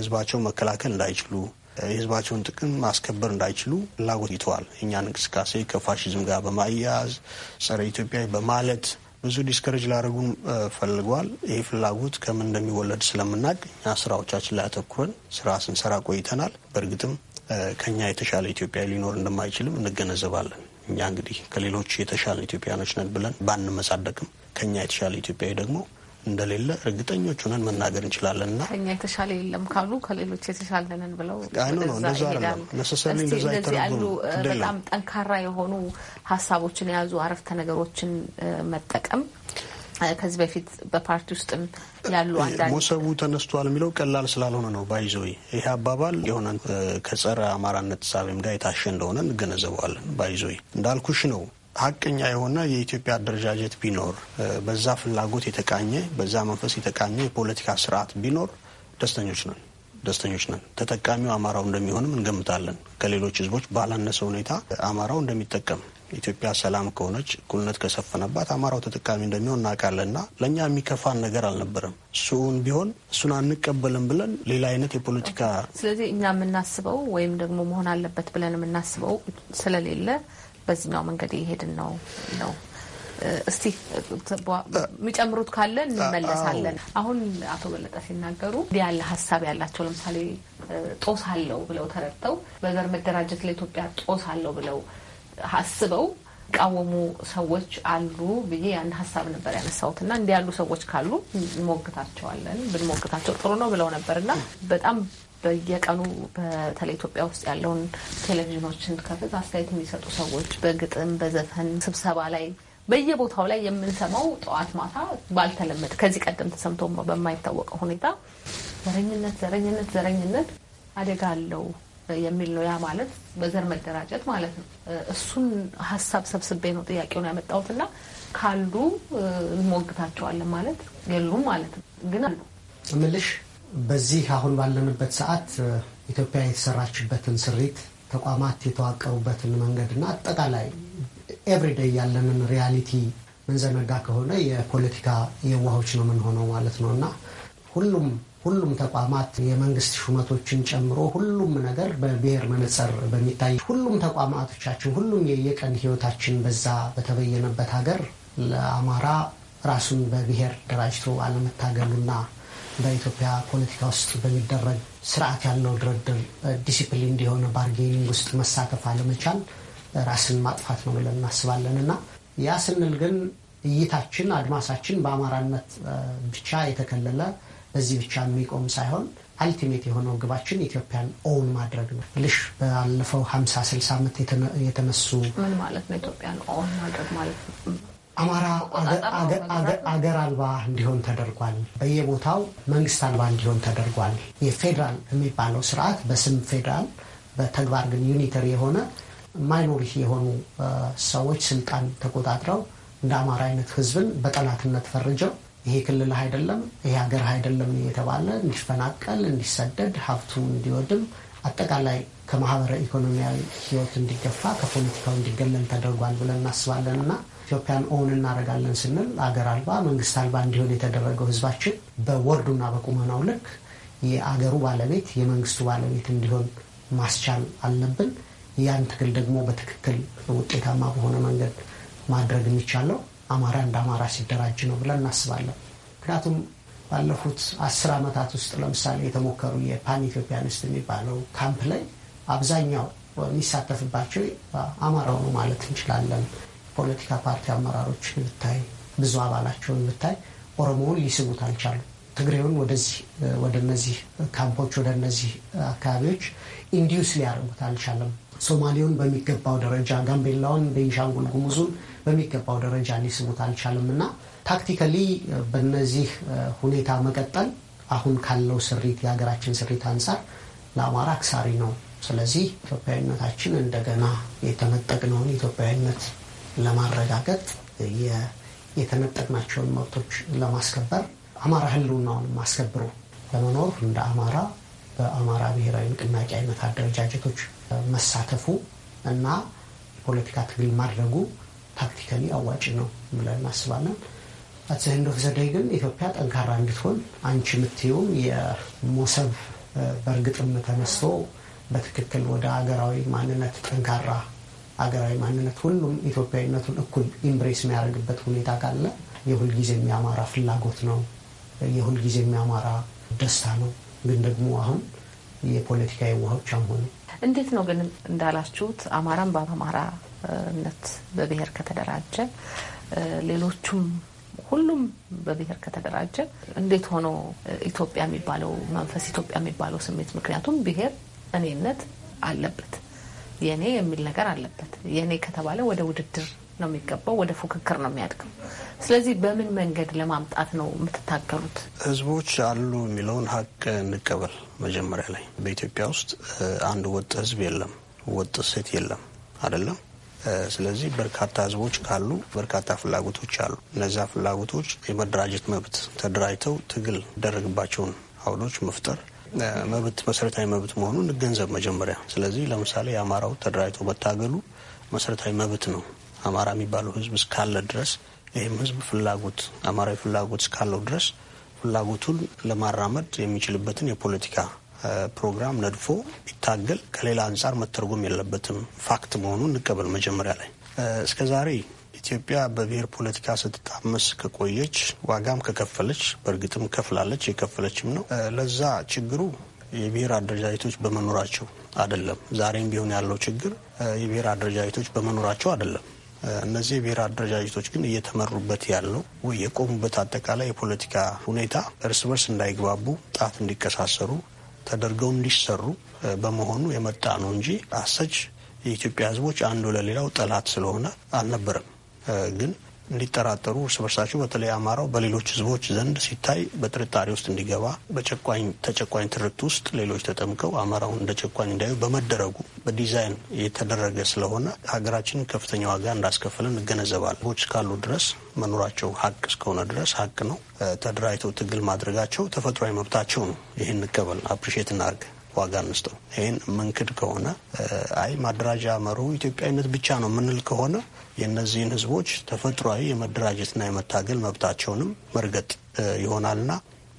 ህዝባቸውን መከላከል እንዳይችሉ የህዝባቸውን ጥቅም ማስከበር እንዳይችሉ ፍላጎት ይተዋል። እኛን እንቅስቃሴ ከፋሽዝም ጋር በማያያዝ ጸረ ኢትዮጵያ በማለት ብዙ ዲስከሬጅ ላደረጉን ፈልጓል። ይህ ፍላጎት ከምን እንደሚወለድ ስለምናቅ እኛ ስራዎቻችን ላይ አተኩረን ስራ ስንሰራ ቆይተናል። በእርግጥም ከኛ የተሻለ ኢትዮጵያ ሊኖር እንደማይችልም እንገነዘባለን። እኛ እንግዲህ ከሌሎች የተሻለ ኢትዮጵያኖች ነን ብለን ባንመጻደቅም ከኛ የተሻለ ኢትዮጵያዊ ደግሞ እንደሌለ እርግጠኞች ሆነን መናገር እንችላለን። እና ከኛ የተሻለ የለም ካሉ ከሌሎች የተሻለንን ብለው ያሉ በጣም ጠንካራ የሆኑ ሀሳቦችን የያዙ አረፍተ ነገሮችን መጠቀም ከዚህ በፊት በፓርቲ ውስጥም ያሉ አንዳንድ ሞሰቡ ተነስቷል የሚለው ቀላል ስላልሆነ ነው ባይዞ ይሄ አባባል የሆነ ከጸረ አማራነት ሳቢም ጋር የታሸ እንደሆነ እንገነዘበዋለን። ባይዞ እንዳልኩሽ ነው ሀቀኛ የሆነ የኢትዮጵያ አደረጃጀት ቢኖር በዛ ፍላጎት የተቃኘ በዛ መንፈስ የተቃኘ የፖለቲካ ስርዓት ቢኖር ደስተኞች ነን ደስተኞች ነን። ተጠቃሚው አማራው እንደሚሆንም እንገምታለን። ከሌሎች ህዝቦች ባላነሰ ሁኔታ አማራው እንደሚጠቀም ኢትዮጵያ ሰላም ከሆነች እኩልነት ከሰፈነባት አማራው ተጠቃሚ እንደሚሆን ና ለእኛ የሚከፋን ነገር አልነበረም። እሱን ቢሆን እሱን አንቀበልም ብለን ሌላ አይነት የፖለቲካ ስለዚህ እኛ የምናስበው ወይም ደግሞ መሆን አለበት ብለን የምናስበው ስለሌለ በዚህኛው መንገድ የሄድን ነው ነው። እስቲ የሚጨምሩት ካለ እንመለሳለን። አሁን አቶ በለጠ ሲናገሩ እንዲህ ያለ ሀሳብ ያላቸው ለምሳሌ ጦስ አለው ብለው ተረድተው በዘር መደራጀት ለኢትዮጵያ ጦስ አለው ብለው አስበው ቃወሙ ሰዎች አሉ ብዬ ያን ሀሳብ ነበር ያነሳሁት እና እንዲህ ያሉ ሰዎች ካሉ እንሞግታቸዋለን ብንሞግታቸው ጥሩ ነው ብለው ነበር እና በጣም በየቀኑ በተለይ ኢትዮጵያ ውስጥ ያለውን ቴሌቪዥኖችን ከፍት አስተያየት የሚሰጡ ሰዎች በግጥም በዘፈን ስብሰባ ላይ በየቦታው ላይ የምንሰማው ጠዋት ማታ ባልተለመደ ከዚህ ቀደም ተሰምቶ በማይታወቀው ሁኔታ ዘረኝነት ዘረኝነት ዘረኝነት አደጋ አለው የሚል ነው። ያ ማለት በዘር መደራጀት ማለት ነው። እሱን ሀሳብ ሰብስቤ ነው ጥያቄውን ያመጣሁትና ካሉ እንሞግታቸዋለን ማለት የሉም ማለት ነው ግን አሉ ምልሽ በዚህ አሁን ባለንበት ሰዓት ኢትዮጵያ የተሰራችበትን ስሪት ተቋማት የተዋቀሩበትን መንገድና አጠቃላይ ኤቭሪዴይ ያለንን ሪያሊቲ ምንዘነጋ ከሆነ የፖለቲካ የዋሆች ነው የምንሆነው ማለት ነው እና ሁሉም ሁሉም ተቋማት የመንግስት ሹመቶችን ጨምሮ ሁሉም ነገር በብሔር መነጽር በሚታይ ሁሉም ተቋማቶቻችን ሁሉም የየቀን ህይወታችን በዛ በተበየነበት ሀገር ለአማራ ራሱን በብሔር ደራጅቶ አለመታገሉና በኢትዮጵያ ፖለቲካ ውስጥ በሚደረግ ስርዓት ያለው ድርድር ዲሲፕሊን እንዲሆነ ባርጌኒንግ ውስጥ መሳተፍ አለመቻል ራስን ማጥፋት ነው ብለን እናስባለን እና ያ ስንል ግን እይታችን አድማሳችን በአማራነት ብቻ የተከለለ በዚህ ብቻ የሚቆም ሳይሆን አልቲሜት የሆነው ግባችን ኢትዮጵያን ኦውን ማድረግ ነው ልሽ ባለፈው ሀምሳ ስልሳ ዓመት የተነሱ ምን ማለት ነው ኢትዮጵያን ኦውን ማድረግ ማለት ነው አማራ አገር አልባ እንዲሆን ተደርጓል። በየቦታው መንግስት አልባ እንዲሆን ተደርጓል። የፌዴራል የሚባለው ስርዓት በስም ፌዴራል፣ በተግባር ግን ዩኒተሪ የሆነ ማይኖሪቲ የሆኑ ሰዎች ስልጣን ተቆጣጥረው እንደ አማራ አይነት ህዝብን በጠላትነት ፈርጀው ይሄ ክልል አይደለም ይሄ ሀገር አይደለም እየተባለ እንዲፈናቀል፣ እንዲሰደድ፣ ሀብቱ እንዲወድም፣ አጠቃላይ ከማህበረ ኢኮኖሚያዊ ህይወት እንዲገፋ፣ ከፖለቲካው እንዲገለል ተደርጓል ብለን እናስባለን እና ኢትዮጵያን ኦን እናደርጋለን ስንል አገር አልባ መንግስት አልባ እንዲሆን የተደረገው ህዝባችን በወርዱና በቁመናው ልክ የአገሩ ባለቤት የመንግስቱ ባለቤት እንዲሆን ማስቻል አለብን። ያን ትግል ደግሞ በትክክል ውጤታማ በሆነ መንገድ ማድረግ የሚቻለው አማራ እንደ አማራ ሲደራጅ ነው ብለን እናስባለን። ምክንያቱም ባለፉት አስር ዓመታት ውስጥ ለምሳሌ የተሞከሩ የፓን ኢትዮጵያኒስት የሚባለው ካምፕ ላይ አብዛኛው የሚሳተፍባቸው አማራው ነው ማለት እንችላለን። ፖለቲካ ፓርቲ አመራሮች ብታይ፣ ብዙ አባላቸውን ብታይ ኦሮሞውን ሊስቡት አልቻሉ። ትግሬውን ወደዚህ ወደ እነዚህ ካምፖች ወደ እነዚህ አካባቢዎች ኢንዲዩስ ሊያደርጉት አልቻለም። ሶማሌውን በሚገባው ደረጃ፣ ጋምቤላውን፣ ቤንሻንጉል ጉሙዙን በሚገባው ደረጃ ሊስቡት አልቻለም እና ታክቲካሊ በነዚህ ሁኔታ መቀጠል አሁን ካለው ስሪት የሀገራችን ስሪት አንጻር ለአማራ አክሳሪ ነው። ስለዚህ ኢትዮጵያዊነታችን እንደገና የተነጠቅነውን ኢትዮጵያዊነት ለማረጋገጥ የተነጠቅናቸውን መብቶች ለማስከበር አማራ ህልውናውን ማስከብሮ ለመኖር እንደ አማራ በአማራ ብሔራዊ ንቅናቄ አይነት አደረጃጀቶች መሳተፉ እና የፖለቲካ ትግል ማድረጉ ታክቲካሊ አዋጭ ነው ብለን እናስባለን። አትዘንዶ ተሰደይ ግን ኢትዮጵያ ጠንካራ እንድትሆን አንቺ የምትይውን የሞሰብ በእርግጥም ተነስቶ በትክክል ወደ ሀገራዊ ማንነት ጠንካራ አገራዊ ማንነት ሁሉም ኢትዮጵያዊነቱን እኩል ኢምብሬስ የሚያደርግበት ሁኔታ ካለ የሁልጊዜ የሚያማራ ፍላጎት ነው፣ የሁልጊዜ የሚያማራ ደስታ ነው። ግን ደግሞ አሁን የፖለቲካ የዋሆች ሆነ እንዴት ነው ግን እንዳላችሁት አማራም በአማራነት በብሔር ከተደራጀ ሌሎቹም ሁሉም በብሔር ከተደራጀ እንዴት ሆኖ ኢትዮጵያ የሚባለው መንፈስ ኢትዮጵያ የሚባለው ስሜት ምክንያቱም ብሔር እኔነት አለበት የኔ የሚል ነገር አለበት። የኔ ከተባለ ወደ ውድድር ነው የሚገባው፣ ወደ ፉክክር ነው የሚያድገው። ስለዚህ በምን መንገድ ለማምጣት ነው የምትታገሉት? ህዝቦች አሉ የሚለውን ሀቅ እንቀበል። መጀመሪያ ላይ በኢትዮጵያ ውስጥ አንድ ወጥ ህዝብ የለም፣ ወጥ ሴት የለም አይደለም። ስለዚህ በርካታ ህዝቦች ካሉ በርካታ ፍላጎቶች አሉ። እነዚያ ፍላጎቶች የመደራጀት መብት ተደራጅተው ትግል ይደረግባቸውን አውዶች መፍጠር መብት መሰረታዊ መብት መሆኑን እንገንዘብ መጀመሪያ። ስለዚህ ለምሳሌ የአማራው ተደራጅቶ መታገሉ መሰረታዊ መብት ነው። አማራ የሚባለው ህዝብ እስካለ ድረስ ይህም ህዝብ ፍላጎት አማራዊ ፍላጎት እስካለው ድረስ ፍላጎቱን ለማራመድ የሚችልበትን የፖለቲካ ፕሮግራም ነድፎ ቢታገል ከሌላ አንጻር መተርጎም የለበትም ፋክት መሆኑን እንቀበል መጀመሪያ ላይ እስከ ዛሬ ኢትዮጵያ በብሔር ፖለቲካ ስትጣመስ ከቆየች ዋጋም ከከፈለች፣ በእርግጥም ከፍላለች፣ የከፈለችም ነው። ለዛ ችግሩ የብሔር አደረጃጀቶች በመኖራቸው አይደለም። ዛሬም ቢሆን ያለው ችግር የብሔር አደረጃጀቶች በመኖራቸው አይደለም። እነዚህ የብሔር አደረጃጀቶች ግን እየተመሩበት ያለው ወይ የቆሙበት አጠቃላይ የፖለቲካ ሁኔታ እርስ በርስ እንዳይግባቡ፣ ጣት እንዲቀሳሰሩ ተደርገው እንዲሰሩ በመሆኑ የመጣ ነው እንጂ አሰች የኢትዮጵያ ሕዝቦች አንዱ ለሌላው ጠላት ስለሆነ አልነበረም። ግን እንዲጠራጠሩ እርስ በርሳቸው በተለይ አማራው በሌሎች ህዝቦች ዘንድ ሲታይ በጥርጣሬ ውስጥ እንዲገባ በጨቋኝ ተጨቋኝ ትርክት ውስጥ ሌሎች ተጠምቀው አማራውን እንደ ጨቋኝ እንዳዩ በመደረጉ በዲዛይን የተደረገ ስለሆነ ሀገራችንን ከፍተኛ ዋጋ እንዳስከፍለን እንገነዘባለን። ህዝቦች እስካሉ ድረስ መኖራቸው ሀቅ እስከሆነ ድረስ ሀቅ ነው። ተደራጅተው ትግል ማድረጋቸው ተፈጥሯዊ መብታቸው ነው። ይህን እንቀበል፣ አፕሪሼት እናርገ ዋጋ እንስጠው። ይህን የምንክድ ከሆነ አይ ማደራጃ መሩ ኢትዮጵያዊነት ብቻ ነው ምንል ከሆነ የእነዚህን ህዝቦች ተፈጥሯዊ የመደራጀትና የመታገል መብታቸውንም መርገጥ ይሆናልና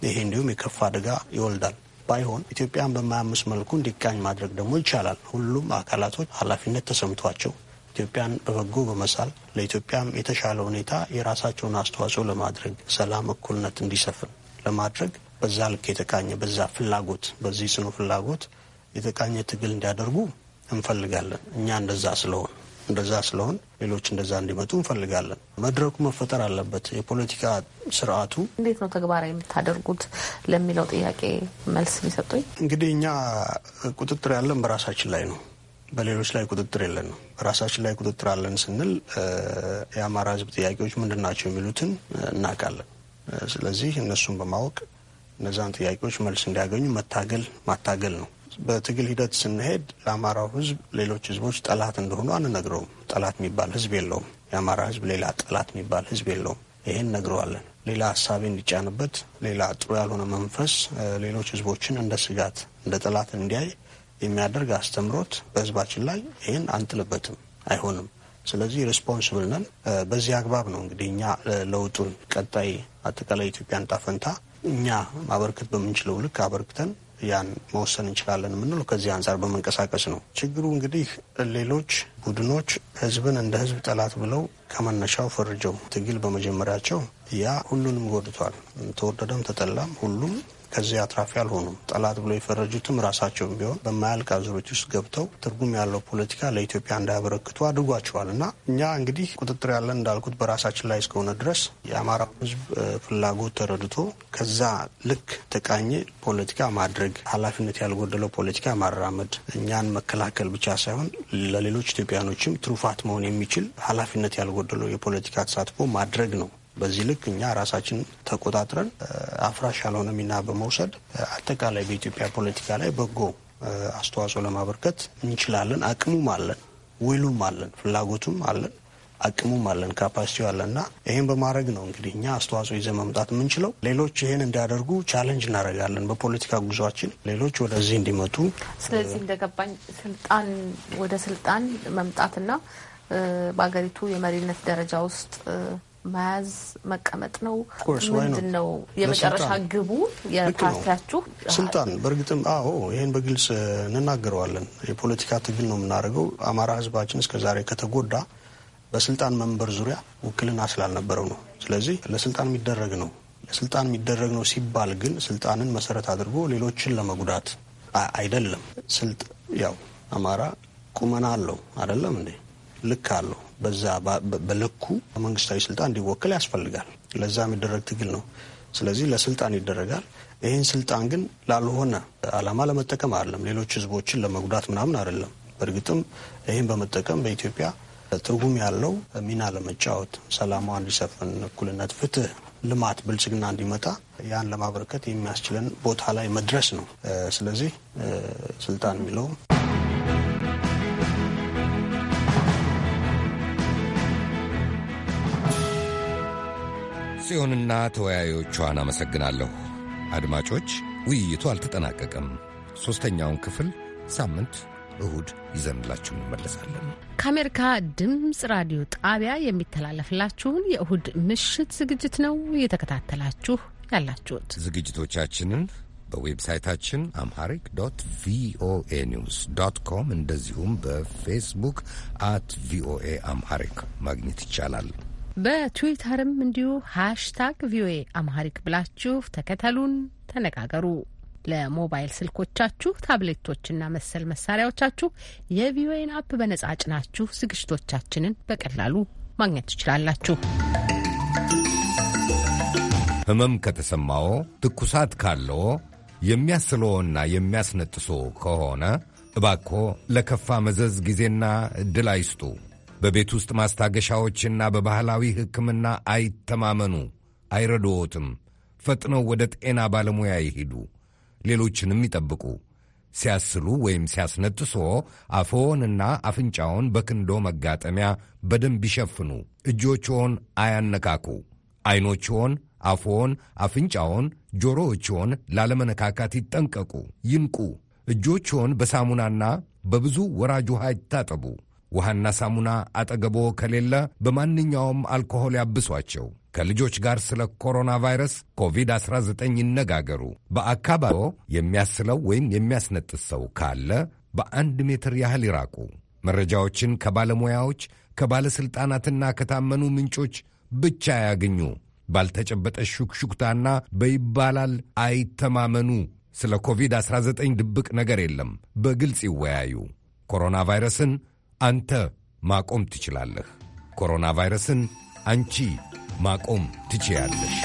ይሄ እንዲሁም የከፍ አደጋ ይወልዳል። ባይሆን ኢትዮጵያን በማያምስ መልኩ እንዲቃኝ ማድረግ ደግሞ ይቻላል። ሁሉም አካላቶች ኃላፊነት ተሰምቷቸው ኢትዮጵያን በበጎ በመሳል ለኢትዮጵያም የተሻለ ሁኔታ የራሳቸውን አስተዋጽኦ ለማድረግ ሰላም፣ እኩልነት እንዲሰፍን ለማድረግ በዛ ልክ የተቃኘ በዛ ፍላጎት በዚህ ጽኑ ፍላጎት የተቃኘ ትግል እንዲያደርጉ እንፈልጋለን። እኛ እንደዛ ስለሆን እንደዛ ስለሆን ሌሎች እንደዛ እንዲመጡ እንፈልጋለን። መድረኩ መፈጠር አለበት። የፖለቲካ ስርዓቱ እንዴት ነው ተግባራዊ የምታደርጉት ለሚለው ጥያቄ መልስ ቢሰጡኝ። እንግዲህ እኛ ቁጥጥር ያለን በራሳችን ላይ ነው። በሌሎች ላይ ቁጥጥር የለን ነው። በራሳችን ላይ ቁጥጥር አለን ስንል የአማራ ህዝብ ጥያቄዎች ምንድን ናቸው የሚሉትን እናውቃለን። ስለዚህ እነሱን በማወቅ እነዛን ጥያቄዎች መልስ እንዲያገኙ መታገል ማታገል ነው። በትግል ሂደት ስንሄድ ለአማራው ህዝብ ሌሎች ህዝቦች ጠላት እንደሆኑ አንነግረውም። ጠላት የሚባል ህዝብ የለውም። የአማራ ህዝብ ሌላ ጠላት የሚባል ህዝብ የለውም። ይሄን ነግረዋለን። ሌላ ሀሳቤ እንዲጫንበት፣ ሌላ ጥሩ ያልሆነ መንፈስ ሌሎች ህዝቦችን እንደ ስጋት እንደ ጠላት እንዲያይ የሚያደርግ አስተምሮት በህዝባችን ላይ ይህን አንጥልበትም፣ አይሆንም። ስለዚህ ሪስፖንስብልነን ነን። በዚህ አግባብ ነው እንግዲህ እኛ ለውጡን ቀጣይ አጠቃላይ ኢትዮጵያን ጣፈንታ እኛ ማበርከት በምንችለው ልክ አበርክተን ያን መወሰን እንችላለን የምንለው ከዚህ አንጻር በመንቀሳቀስ ነው። ችግሩ እንግዲህ ሌሎች ቡድኖች ህዝብን እንደ ህዝብ ጠላት ብለው ከመነሻው ፈርጀው ትግል በመጀመሪያቸው ያ ሁሉንም ጎድቷል። ተወደደም ተጠላም ሁሉም ከዚህ አትራፊ አልሆኑም። ጠላት ብሎ የፈረጁትም ራሳቸው ቢሆን በማያልቅ አዙሪት ውስጥ ገብተው ትርጉም ያለው ፖለቲካ ለኢትዮጵያ እንዳያበረክቱ አድርጓቸዋል እና እኛ እንግዲህ ቁጥጥር ያለን እንዳልኩት በራሳችን ላይ እስከሆነ ድረስ የአማራ ሕዝብ ፍላጎት ተረድቶ ከዛ ልክ ተቃኘ ፖለቲካ ማድረግ ኃላፊነት ያልጎደለው ፖለቲካ ማራመድ እኛን መከላከል ብቻ ሳይሆን ለሌሎች ኢትዮጵያኖችም ትሩፋት መሆን የሚችል ኃላፊነት ያልጎደለው የፖለቲካ ተሳትፎ ማድረግ ነው በዚህ ልክ እኛ ራሳችን ተቆጣጥረን አፍራሽ ያልሆነ ሚና በመውሰድ አጠቃላይ በኢትዮጵያ ፖለቲካ ላይ በጎ አስተዋጽኦ ለማበርከት እንችላለን። አቅሙም አለን፣ ውሉም አለን፣ ፍላጎቱም አለን፣ አቅሙም አለን፣ ካፓሲቲው አለን እና ይህን በማድረግ ነው እንግዲህ እኛ አስተዋጽኦ ይዘ መምጣት የምንችለው። ሌሎች ይህን እንዲያደርጉ ቻለንጅ እናደርጋለን። በፖለቲካ ጉዟችን ሌሎች ወደዚህ እንዲመጡ። ስለዚህ እንደገባኝ ስልጣን ወደ ስልጣን መምጣትና በሀገሪቱ የመሪነት ደረጃ ውስጥ መያዝ መቀመጥ ነው? ምንድን ነው የመጨረሻ ግቡ የፓርቲያችሁ? ስልጣን በእርግጥም አዎ፣ ይህን በግልጽ እንናገረዋለን። የፖለቲካ ትግል ነው የምናደርገው። አማራ ህዝባችን እስከዛሬ ከተጎዳ በስልጣን መንበር ዙሪያ ውክልና ስላልነበረው ነው። ስለዚህ ለስልጣን የሚደረግ ነው። ለስልጣን የሚደረግ ነው ሲባል ግን ስልጣንን መሰረት አድርጎ ሌሎችን ለመጉዳት አይደለም። ስልጥ ያው አማራ ቁመና አለው አይደለም እንዴ? ልክ አለው በዛ በልኩ መንግስታዊ ስልጣን እንዲወክል ያስፈልጋል። ለዛ የሚደረግ ትግል ነው። ስለዚህ ለስልጣን ይደረጋል። ይህን ስልጣን ግን ላልሆነ አላማ ለመጠቀም አይደለም፣ ሌሎች ህዝቦችን ለመጉዳት ምናምን አይደለም። በእርግጥም ይህን በመጠቀም በኢትዮጵያ ትርጉም ያለው ሚና ለመጫወት ሰላሟ እንዲሰፍን፣ እኩልነት፣ ፍትህ፣ ልማት፣ ብልጽግና እንዲመጣ ያን ለማበረከት የሚያስችለን ቦታ ላይ መድረስ ነው። ስለዚህ ስልጣን የሚለውም ጽዮንና ተወያዮቿን አመሰግናለሁ። አድማጮች፣ ውይይቱ አልተጠናቀቀም። ሦስተኛውን ክፍል ሳምንት እሁድ ይዘንላችሁ እንመለሳለን። ከአሜሪካ ድምፅ ራዲዮ ጣቢያ የሚተላለፍላችሁን የእሁድ ምሽት ዝግጅት ነው እየተከታተላችሁ ያላችሁት። ዝግጅቶቻችንን በዌብሳይታችን አምሃሪክ ዶት ቪኦኤ ኒውስ ዶት ኮም እንደዚሁም በፌስቡክ አት ቪኦኤ አምሃሪክ ማግኘት ይቻላል። በትዊተርም እንዲሁ ሃሽታግ ቪኦኤ አምሃሪክ ብላችሁ ተከተሉን፣ ተነጋገሩ። ለሞባይል ስልኮቻችሁ ታብሌቶችና መሰል መሳሪያዎቻችሁ የቪኦኤን አፕ በነጻ ጭናችሁ ዝግጅቶቻችንን በቀላሉ ማግኘት ትችላላችሁ። ህመም ከተሰማዎ፣ ትኩሳት ካለዎ፣ የሚያስለዎና የሚያስነጥሶ ከሆነ እባኮ ለከፋ መዘዝ ጊዜና ዕድል አይስጡ። በቤት ውስጥ ማስታገሻዎችና በባህላዊ ሕክምና አይተማመኑ፣ አይረዶዎትም። ፈጥነው ወደ ጤና ባለሙያ ይሂዱ፣ ሌሎችንም ይጠብቁ። ሲያስሉ ወይም ሲያስነጥሶ አፍዎንና አፍንጫውን በክንዶ መጋጠሚያ በደንብ ይሸፍኑ። እጆችዎን አያነካኩ። ዐይኖችዎን፣ አፍዎን፣ አፍንጫዎን፣ ጆሮዎችዎን ላለመነካካት ይጠንቀቁ። ይንቁ። እጆችዎን በሳሙናና በብዙ ወራጅ ውሃ ይታጠቡ። ውሃና ሳሙና አጠገቦ ከሌለ በማንኛውም አልኮሆል ያብሷቸው። ከልጆች ጋር ስለ ኮሮና ቫይረስ ኮቪድ-19 ይነጋገሩ። በአካባቢዎ የሚያስለው ወይም የሚያስነጥስ ሰው ካለ በአንድ ሜትር ያህል ይራቁ። መረጃዎችን ከባለሙያዎች ከባለሥልጣናትና ከታመኑ ምንጮች ብቻ ያገኙ። ባልተጨበጠ ሹክሹክታና በይባላል አይተማመኑ። ስለ ኮቪድ-19 ድብቅ ነገር የለም። በግልጽ ይወያዩ። ኮሮና ቫይረስን አንተ ማቆም ትችላለህ። ኮሮና ቫይረስን አንቺ ማቆም ትችያለሽ።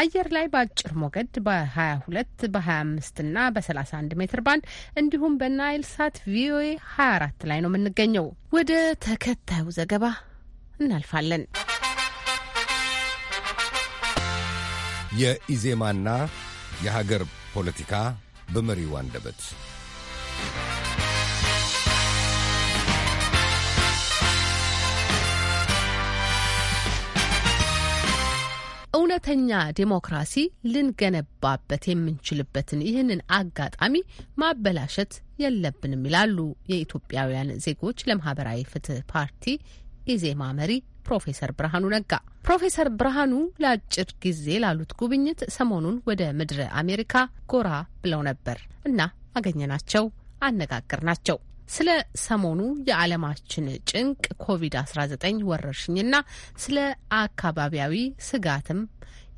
አየር ላይ በአጭር ሞገድ በ22 በ25 እና በ31 ሜትር ባንድ እንዲሁም በናይል ሳት ቪኦኤ 24 ላይ ነው የምንገኘው። ወደ ተከታዩ ዘገባ እናልፋለን። የኢዜማና የሀገር ፖለቲካ በመሪው አንደበት እውነተኛ ዴሞክራሲ ልንገነባበት የምንችልበትን ይህንን አጋጣሚ ማበላሸት የለብንም ይላሉ የኢትዮጵያውያን ዜጎች ለማህበራዊ ፍትህ ፓርቲ ኢዜማ መሪ ፕሮፌሰር ብርሃኑ ነጋ። ፕሮፌሰር ብርሃኑ ለአጭር ጊዜ ላሉት ጉብኝት ሰሞኑን ወደ ምድረ አሜሪካ ጎራ ብለው ነበር እና አገኘናቸው፣ አነጋገርናቸው። ስለ ሰሞኑ የዓለማችን ጭንቅ ኮቪድ-19 ወረርሽኝና ስለ አካባቢያዊ ስጋትም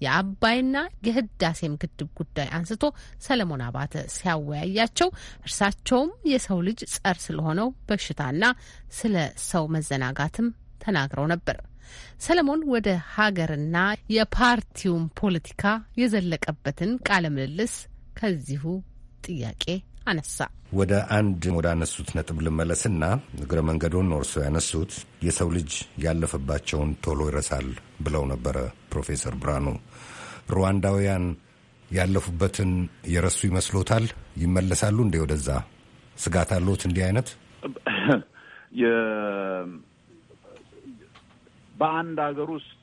የአባይና የህዳሴም ግድብ ጉዳይ አንስቶ ሰለሞን አባተ ሲያወያያቸው እርሳቸውም የሰው ልጅ ጸር ስለሆነው በሽታና ስለ ሰው መዘናጋትም ተናግረው ነበር። ሰለሞን ወደ ሀገርና የፓርቲውን ፖለቲካ የዘለቀበትን ቃለ ምልልስ ከዚሁ ጥያቄ አነሳ። ወደ አንድ ወዳነሱት ነጥብ ልመለስና እግረ መንገዱን እርሶ ያነሱት የሰው ልጅ ያለፈባቸውን ቶሎ ይረሳል ብለው ነበረ ፕሮፌሰር ብርሃኑ። ሩዋንዳውያን ያለፉበትን የረሱ ይመስሎታል? ይመለሳሉ እንዴ? ወደዛ ስጋት አለዎት? እንዲህ አይነት በአንድ ሀገር ውስጥ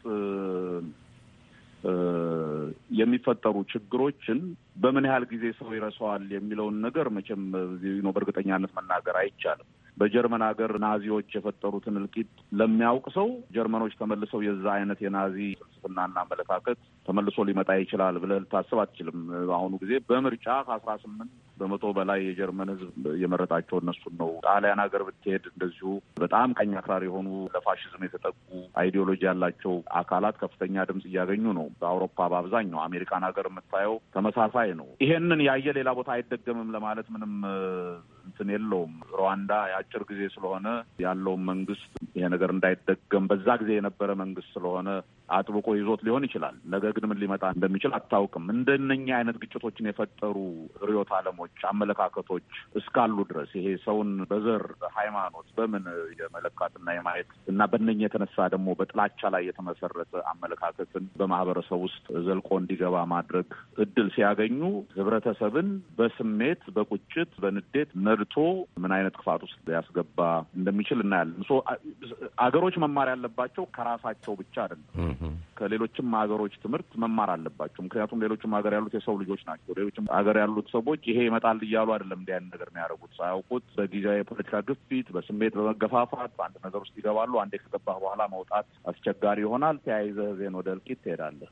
የሚፈጠሩ ችግሮችን በምን ያህል ጊዜ ሰው ይረሳዋል የሚለውን ነገር መቼም ነው በእርግጠኛነት መናገር አይቻልም። በጀርመን ሀገር ናዚዎች የፈጠሩትን እልቂት ለሚያውቅ ሰው ጀርመኖች ተመልሰው የዛ አይነት የናዚ ፍልስፍናና አመለካከት ተመልሶ ሊመጣ ይችላል ብለህ ልታስብ አትችልም። በአሁኑ ጊዜ በምርጫ ከአስራ ስምንት በመቶ በላይ የጀርመን ህዝብ የመረጣቸው እነሱን ነው። ጣሊያን ሀገር ብትሄድ እንደዚሁ በጣም ቀኝ አክራሪ የሆኑ ለፋሽዝም የተጠቁ አይዲዮሎጂ ያላቸው አካላት ከፍተኛ ድምፅ እያገኙ ነው። በአውሮፓ በአብዛኛው አሜሪካን ሀገር የምታየው ተመሳሳይ ነው። ይሄንን ያየ ሌላ ቦታ አይደገምም ለማለት ምንም እንትን የለውም። ሩዋንዳ የአጭር ጊዜ ስለሆነ ያለውን መንግስት ይሄ ነገር እንዳይደገም በዛ ጊዜ የነበረ መንግስት ስለሆነ አጥብቆ ይዞት ሊሆን ይችላል። ነገ ግን ምን ሊመጣ እንደሚችል አታውቅም። እንደነኛ አይነት ግጭቶችን የፈጠሩ ርዕዮተ ዓለሞች፣ አመለካከቶች እስካሉ ድረስ ይሄ ሰውን በዘር ሃይማኖት፣ በምን የመለካትና የማየት እና በነኛ የተነሳ ደግሞ በጥላቻ ላይ የተመሰረተ አመለካከትን በማህበረሰብ ውስጥ ዘልቆ እንዲገባ ማድረግ እድል ሲያገኙ ህብረተሰብን በስሜት በቁጭት በንዴት ነድቶ ምን አይነት ክፋት ውስጥ ሊያስገባ እንደሚችል እናያለን። አገሮች መማር ያለባቸው ከራሳቸው ብቻ አይደለም ከሌሎችም ሀገሮች ትምህርት መማር አለባቸው። ምክንያቱም ሌሎችም ሀገር ያሉት የሰው ልጆች ናቸው። ሌሎችም ሀገር ያሉት ሰዎች ይሄ ይመጣል እያሉ አይደለም እንዲህ አይነት ነገር ነው ያደረጉት። ሳያውቁት በጊዜያዊ የፖለቲካ ግፊት፣ በስሜት በመገፋፋት በአንድ ነገር ውስጥ ይገባሉ። አንዴ ከገባህ በኋላ መውጣት አስቸጋሪ ይሆናል። ተያይዘህ ዜን ወደ እልቂት ትሄዳለህ።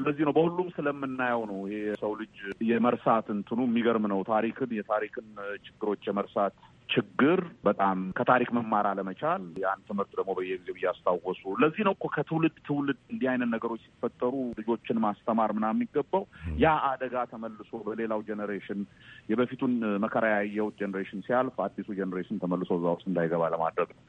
እንደዚህ ነው በሁሉም ስለምናየው ነው ይሄ የሰው ልጅ የመርሳት እንትኑ የሚገርም ነው። ታሪክን የታሪክን ችግሮች የመርሳት ችግር በጣም ከታሪክ መማር አለመቻል፣ ያን ትምህርት ደግሞ በየጊዜው እያስታወሱ ለዚህ ነው እኮ ከትውልድ ትውልድ እንዲህ አይነት ነገሮች ሲፈጠሩ ልጆችን ማስተማር ምናምን የሚገባው ያ አደጋ ተመልሶ በሌላው ጀኔሬሽን የበፊቱን መከራ ያየሁት ጀኔሬሽን ሲያልፍ አዲሱ ጀኔሬሽን ተመልሶ እዛ ውስጥ እንዳይገባ ለማድረግ ነው።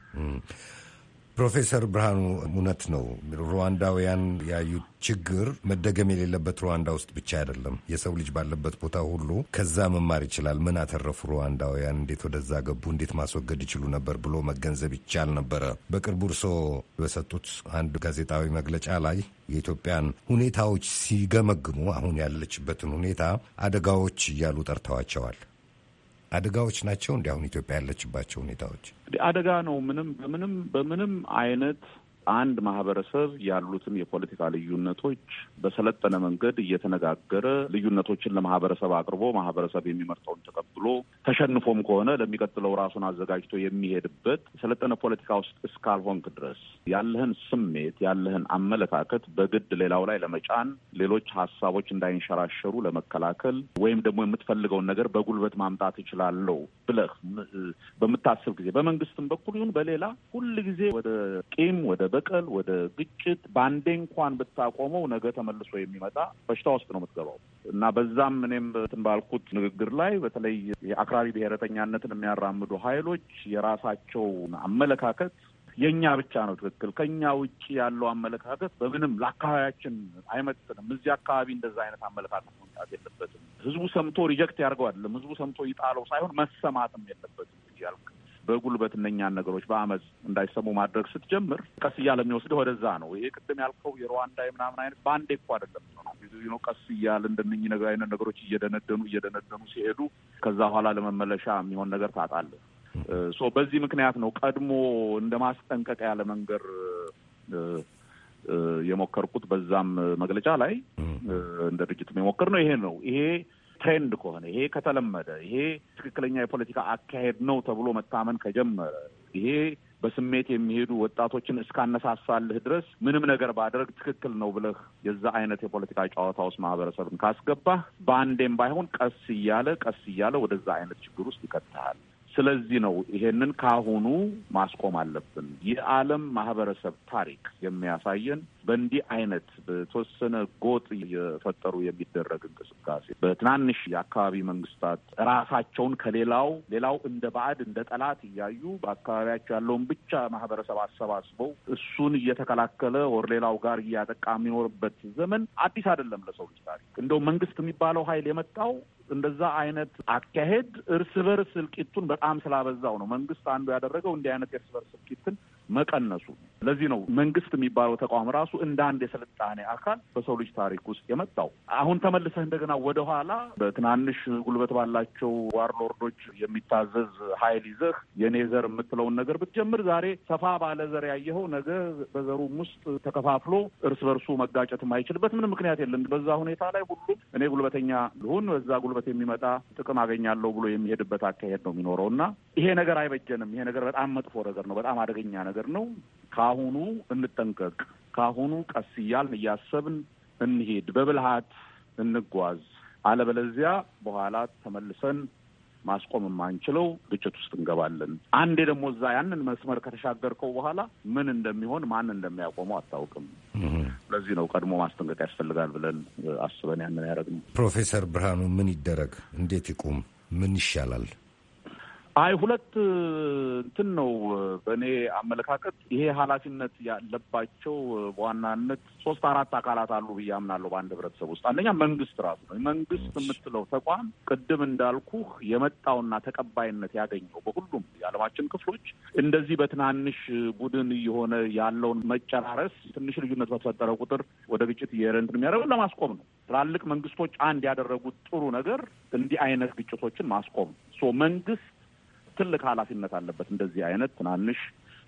ፕሮፌሰር ብርሃኑ እውነት ነው። ሩዋንዳውያን ያዩት ችግር መደገም የሌለበት ሩዋንዳ ውስጥ ብቻ አይደለም። የሰው ልጅ ባለበት ቦታ ሁሉ ከዛ መማር ይችላል። ምን አተረፉ ሩዋንዳውያን? እንዴት ወደዛ ገቡ? እንዴት ማስወገድ ይችሉ ነበር ብሎ መገንዘብ ይቻል ነበረ። በቅርቡ እርሶ በሰጡት አንድ ጋዜጣዊ መግለጫ ላይ የኢትዮጵያን ሁኔታዎች ሲገመግሙ አሁን ያለችበትን ሁኔታ አደጋዎች እያሉ ጠርተዋቸዋል። አደጋዎች ናቸው እንዲ አሁን ኢትዮጵያ ያለችባቸው ሁኔታዎች አደጋ ነው። ምንም በምንም በምንም አይነት አንድ ማህበረሰብ ያሉትን የፖለቲካ ልዩነቶች በሰለጠነ መንገድ እየተነጋገረ ልዩነቶችን ለማህበረሰብ አቅርቦ ማህበረሰብ የሚመርጠውን ተቀብሎ ተሸንፎም ከሆነ ለሚቀጥለው ራሱን አዘጋጅቶ የሚሄድበት ሰለጠነ ፖለቲካ ውስጥ እስካልሆንክ ድረስ ያለህን ስሜት ያለህን አመለካከት በግድ ሌላው ላይ ለመጫን ሌሎች ሀሳቦች እንዳይንሸራሸሩ ለመከላከል ወይም ደግሞ የምትፈልገውን ነገር በጉልበት ማምጣት እችላለሁ ብለህ በምታስብ ጊዜ በመንግስትም በኩል ይሁን በሌላ ሁል ጊዜ ወደ ቂም ወደ በቀል፣ ወደ ግጭት በአንዴ እንኳን ብታቆመው ነገ ተመልሶ የሚመጣ በሽታ ውስጥ ነው የምትገባው እና በዛም እኔም እንትን ባልኩት ንግግር ላይ በተለይ የአክራሪ ብሔረተኛነትን የሚያራምዱ ኃይሎች የራሳቸው አመለካከት የእኛ ብቻ ነው ትክክል፣ ከኛ ውጭ ያለው አመለካከት በምንም ለአካባቢያችን አይመጥንም፣ እዚህ አካባቢ እንደዛ አይነት አመለካከት መምጣት የለበትም፣ ህዝቡ ሰምቶ ሪጀክት ያደርገው አይደለም፣ ህዝቡ ሰምቶ ይጣለው ሳይሆን መሰማትም የለበትም እያልክ በጉልበት እነኛን ነገሮች በአመፅ እንዳይሰሙ ማድረግ ስትጀምር ቀስ እያለ የሚወስደ ወደዛ ነው። ይሄ ቅድም ያልከው የሩዋንዳ የምናምን አይነት በአንዴ እኮ አይደለም ነው ቀስ እያለ እንደነኝ ነገር አይነት ነገሮች እየደነደኑ እየደነደኑ ሲሄዱ ከዛ በኋላ ለመመለሻ የሚሆን ነገር ታጣለህ። ሶ በዚህ ምክንያት ነው ቀድሞ እንደ ማስጠንቀቅ ያለ መንገር የሞከርኩት በዛም መግለጫ ላይ እንደ ድርጅትም የሞከር ነው ይሄ ነው ይሄ ትሬንድ ከሆነ ይሄ ከተለመደ ይሄ ትክክለኛ የፖለቲካ አካሄድ ነው ተብሎ መታመን ከጀመረ ይሄ በስሜት የሚሄዱ ወጣቶችን እስካነሳሳልህ ድረስ ምንም ነገር ባደረግ ትክክል ነው ብለህ የዛ አይነት የፖለቲካ ጨዋታ ውስጥ ማህበረሰብን ካስገባህ በአንዴም ባይሆን ቀስ እያለ ቀስ እያለ ወደዛ አይነት ችግር ውስጥ ይከትሃል። ስለዚህ ነው ይሄንን ካሁኑ ማስቆም አለብን። የዓለም ማህበረሰብ ታሪክ የሚያሳየን በእንዲህ አይነት በተወሰነ ጎጥ እየፈጠሩ የሚደረግ እንቅስቃሴ በትናንሽ የአካባቢ መንግስታት ራሳቸውን ከሌላው ሌላው እንደ ባዕድ እንደ ጠላት እያዩ በአካባቢያቸው ያለውን ብቻ ማህበረሰብ አሰባስበው እሱን እየተከላከለ ወር ሌላው ጋር እያጠቃ የሚኖርበት ዘመን አዲስ አይደለም ለሰው ልጅ ታሪክ። እንደው መንግስት የሚባለው ኃይል የመጣው እንደዛ አይነት አካሄድ እርስ በርስ እልቂቱን በጣም ስላበዛው ነው። መንግስት አንዱ ያደረገው እንዲህ አይነት እርስ በርስ እልቂትን መቀነሱ። ለዚህ ነው መንግስት የሚባለው ተቋም ራሱ እንደ አንድ የስልጣኔ አካል በሰው ልጅ ታሪክ ውስጥ የመጣው። አሁን ተመልሰህ እንደገና ወደኋላ በትናንሽ ጉልበት ባላቸው ዋርሎርዶች የሚታዘዝ ኃይል ይዘህ የኔ ዘር የምትለውን ነገር ብትጀምር ዛሬ ሰፋ ባለ ዘር ያየኸው ነገ በዘሩም ውስጥ ተከፋፍሎ እርስ በርሱ መጋጨት የማይችልበት ምንም ምክንያት የለም። በዛ ሁኔታ ላይ ሁሉም እኔ ጉልበተኛ ልሁን፣ በዛ ጉልበት የሚመጣ ጥቅም አገኛለሁ ብሎ የሚሄድበት አካሄድ ነው የሚኖረው እና ይሄ ነገር አይበጀንም። ይሄ ነገር በጣም መጥፎ ነገር ነው። በጣም አደገኛ ነገር ሀገር ነው። ከአሁኑ እንጠንቀቅ፣ ከአሁኑ ቀስ እያልን እያሰብን እንሄድ፣ በብልሃት እንጓዝ። አለበለዚያ በኋላ ተመልሰን ማስቆም የማንችለው ግጭት ውስጥ እንገባለን። አንዴ ደግሞ እዛ ያንን መስመር ከተሻገርከው በኋላ ምን እንደሚሆን ማን እንደሚያቆመው አታውቅም። ለዚህ ነው ቀድሞ ማስጠንቀቅ ያስፈልጋል ብለን አስበን ያንን ያደረግነው። ፕሮፌሰር ብርሃኑ ምን ይደረግ? እንዴት ይቁም? ምን ይሻላል? አይ ሁለት እንትን ነው። በእኔ አመለካከት ይሄ ኃላፊነት ያለባቸው በዋናነት ሶስት አራት አካላት አሉ ብዬ አምናለሁ በአንድ ህብረተሰብ ውስጥ። አንደኛ መንግስት ራሱ ነው። መንግስት የምትለው ተቋም ቅድም እንዳልኩህ የመጣውና ተቀባይነት ያገኘው በሁሉም የዓለማችን ክፍሎች እንደዚህ በትናንሽ ቡድን እየሆነ ያለውን መጨራረስ ትንሽ ልዩነት በተፈጠረ ቁጥር ወደ ግጭት እየረንትን የሚያደርገው ለማስቆም ነው። ትላልቅ መንግስቶች አንድ ያደረጉት ጥሩ ነገር እንዲህ አይነት ግጭቶችን ማስቆም ሶ መንግስት ትልቅ ኃላፊነት አለበት እንደዚህ አይነት ትናንሽ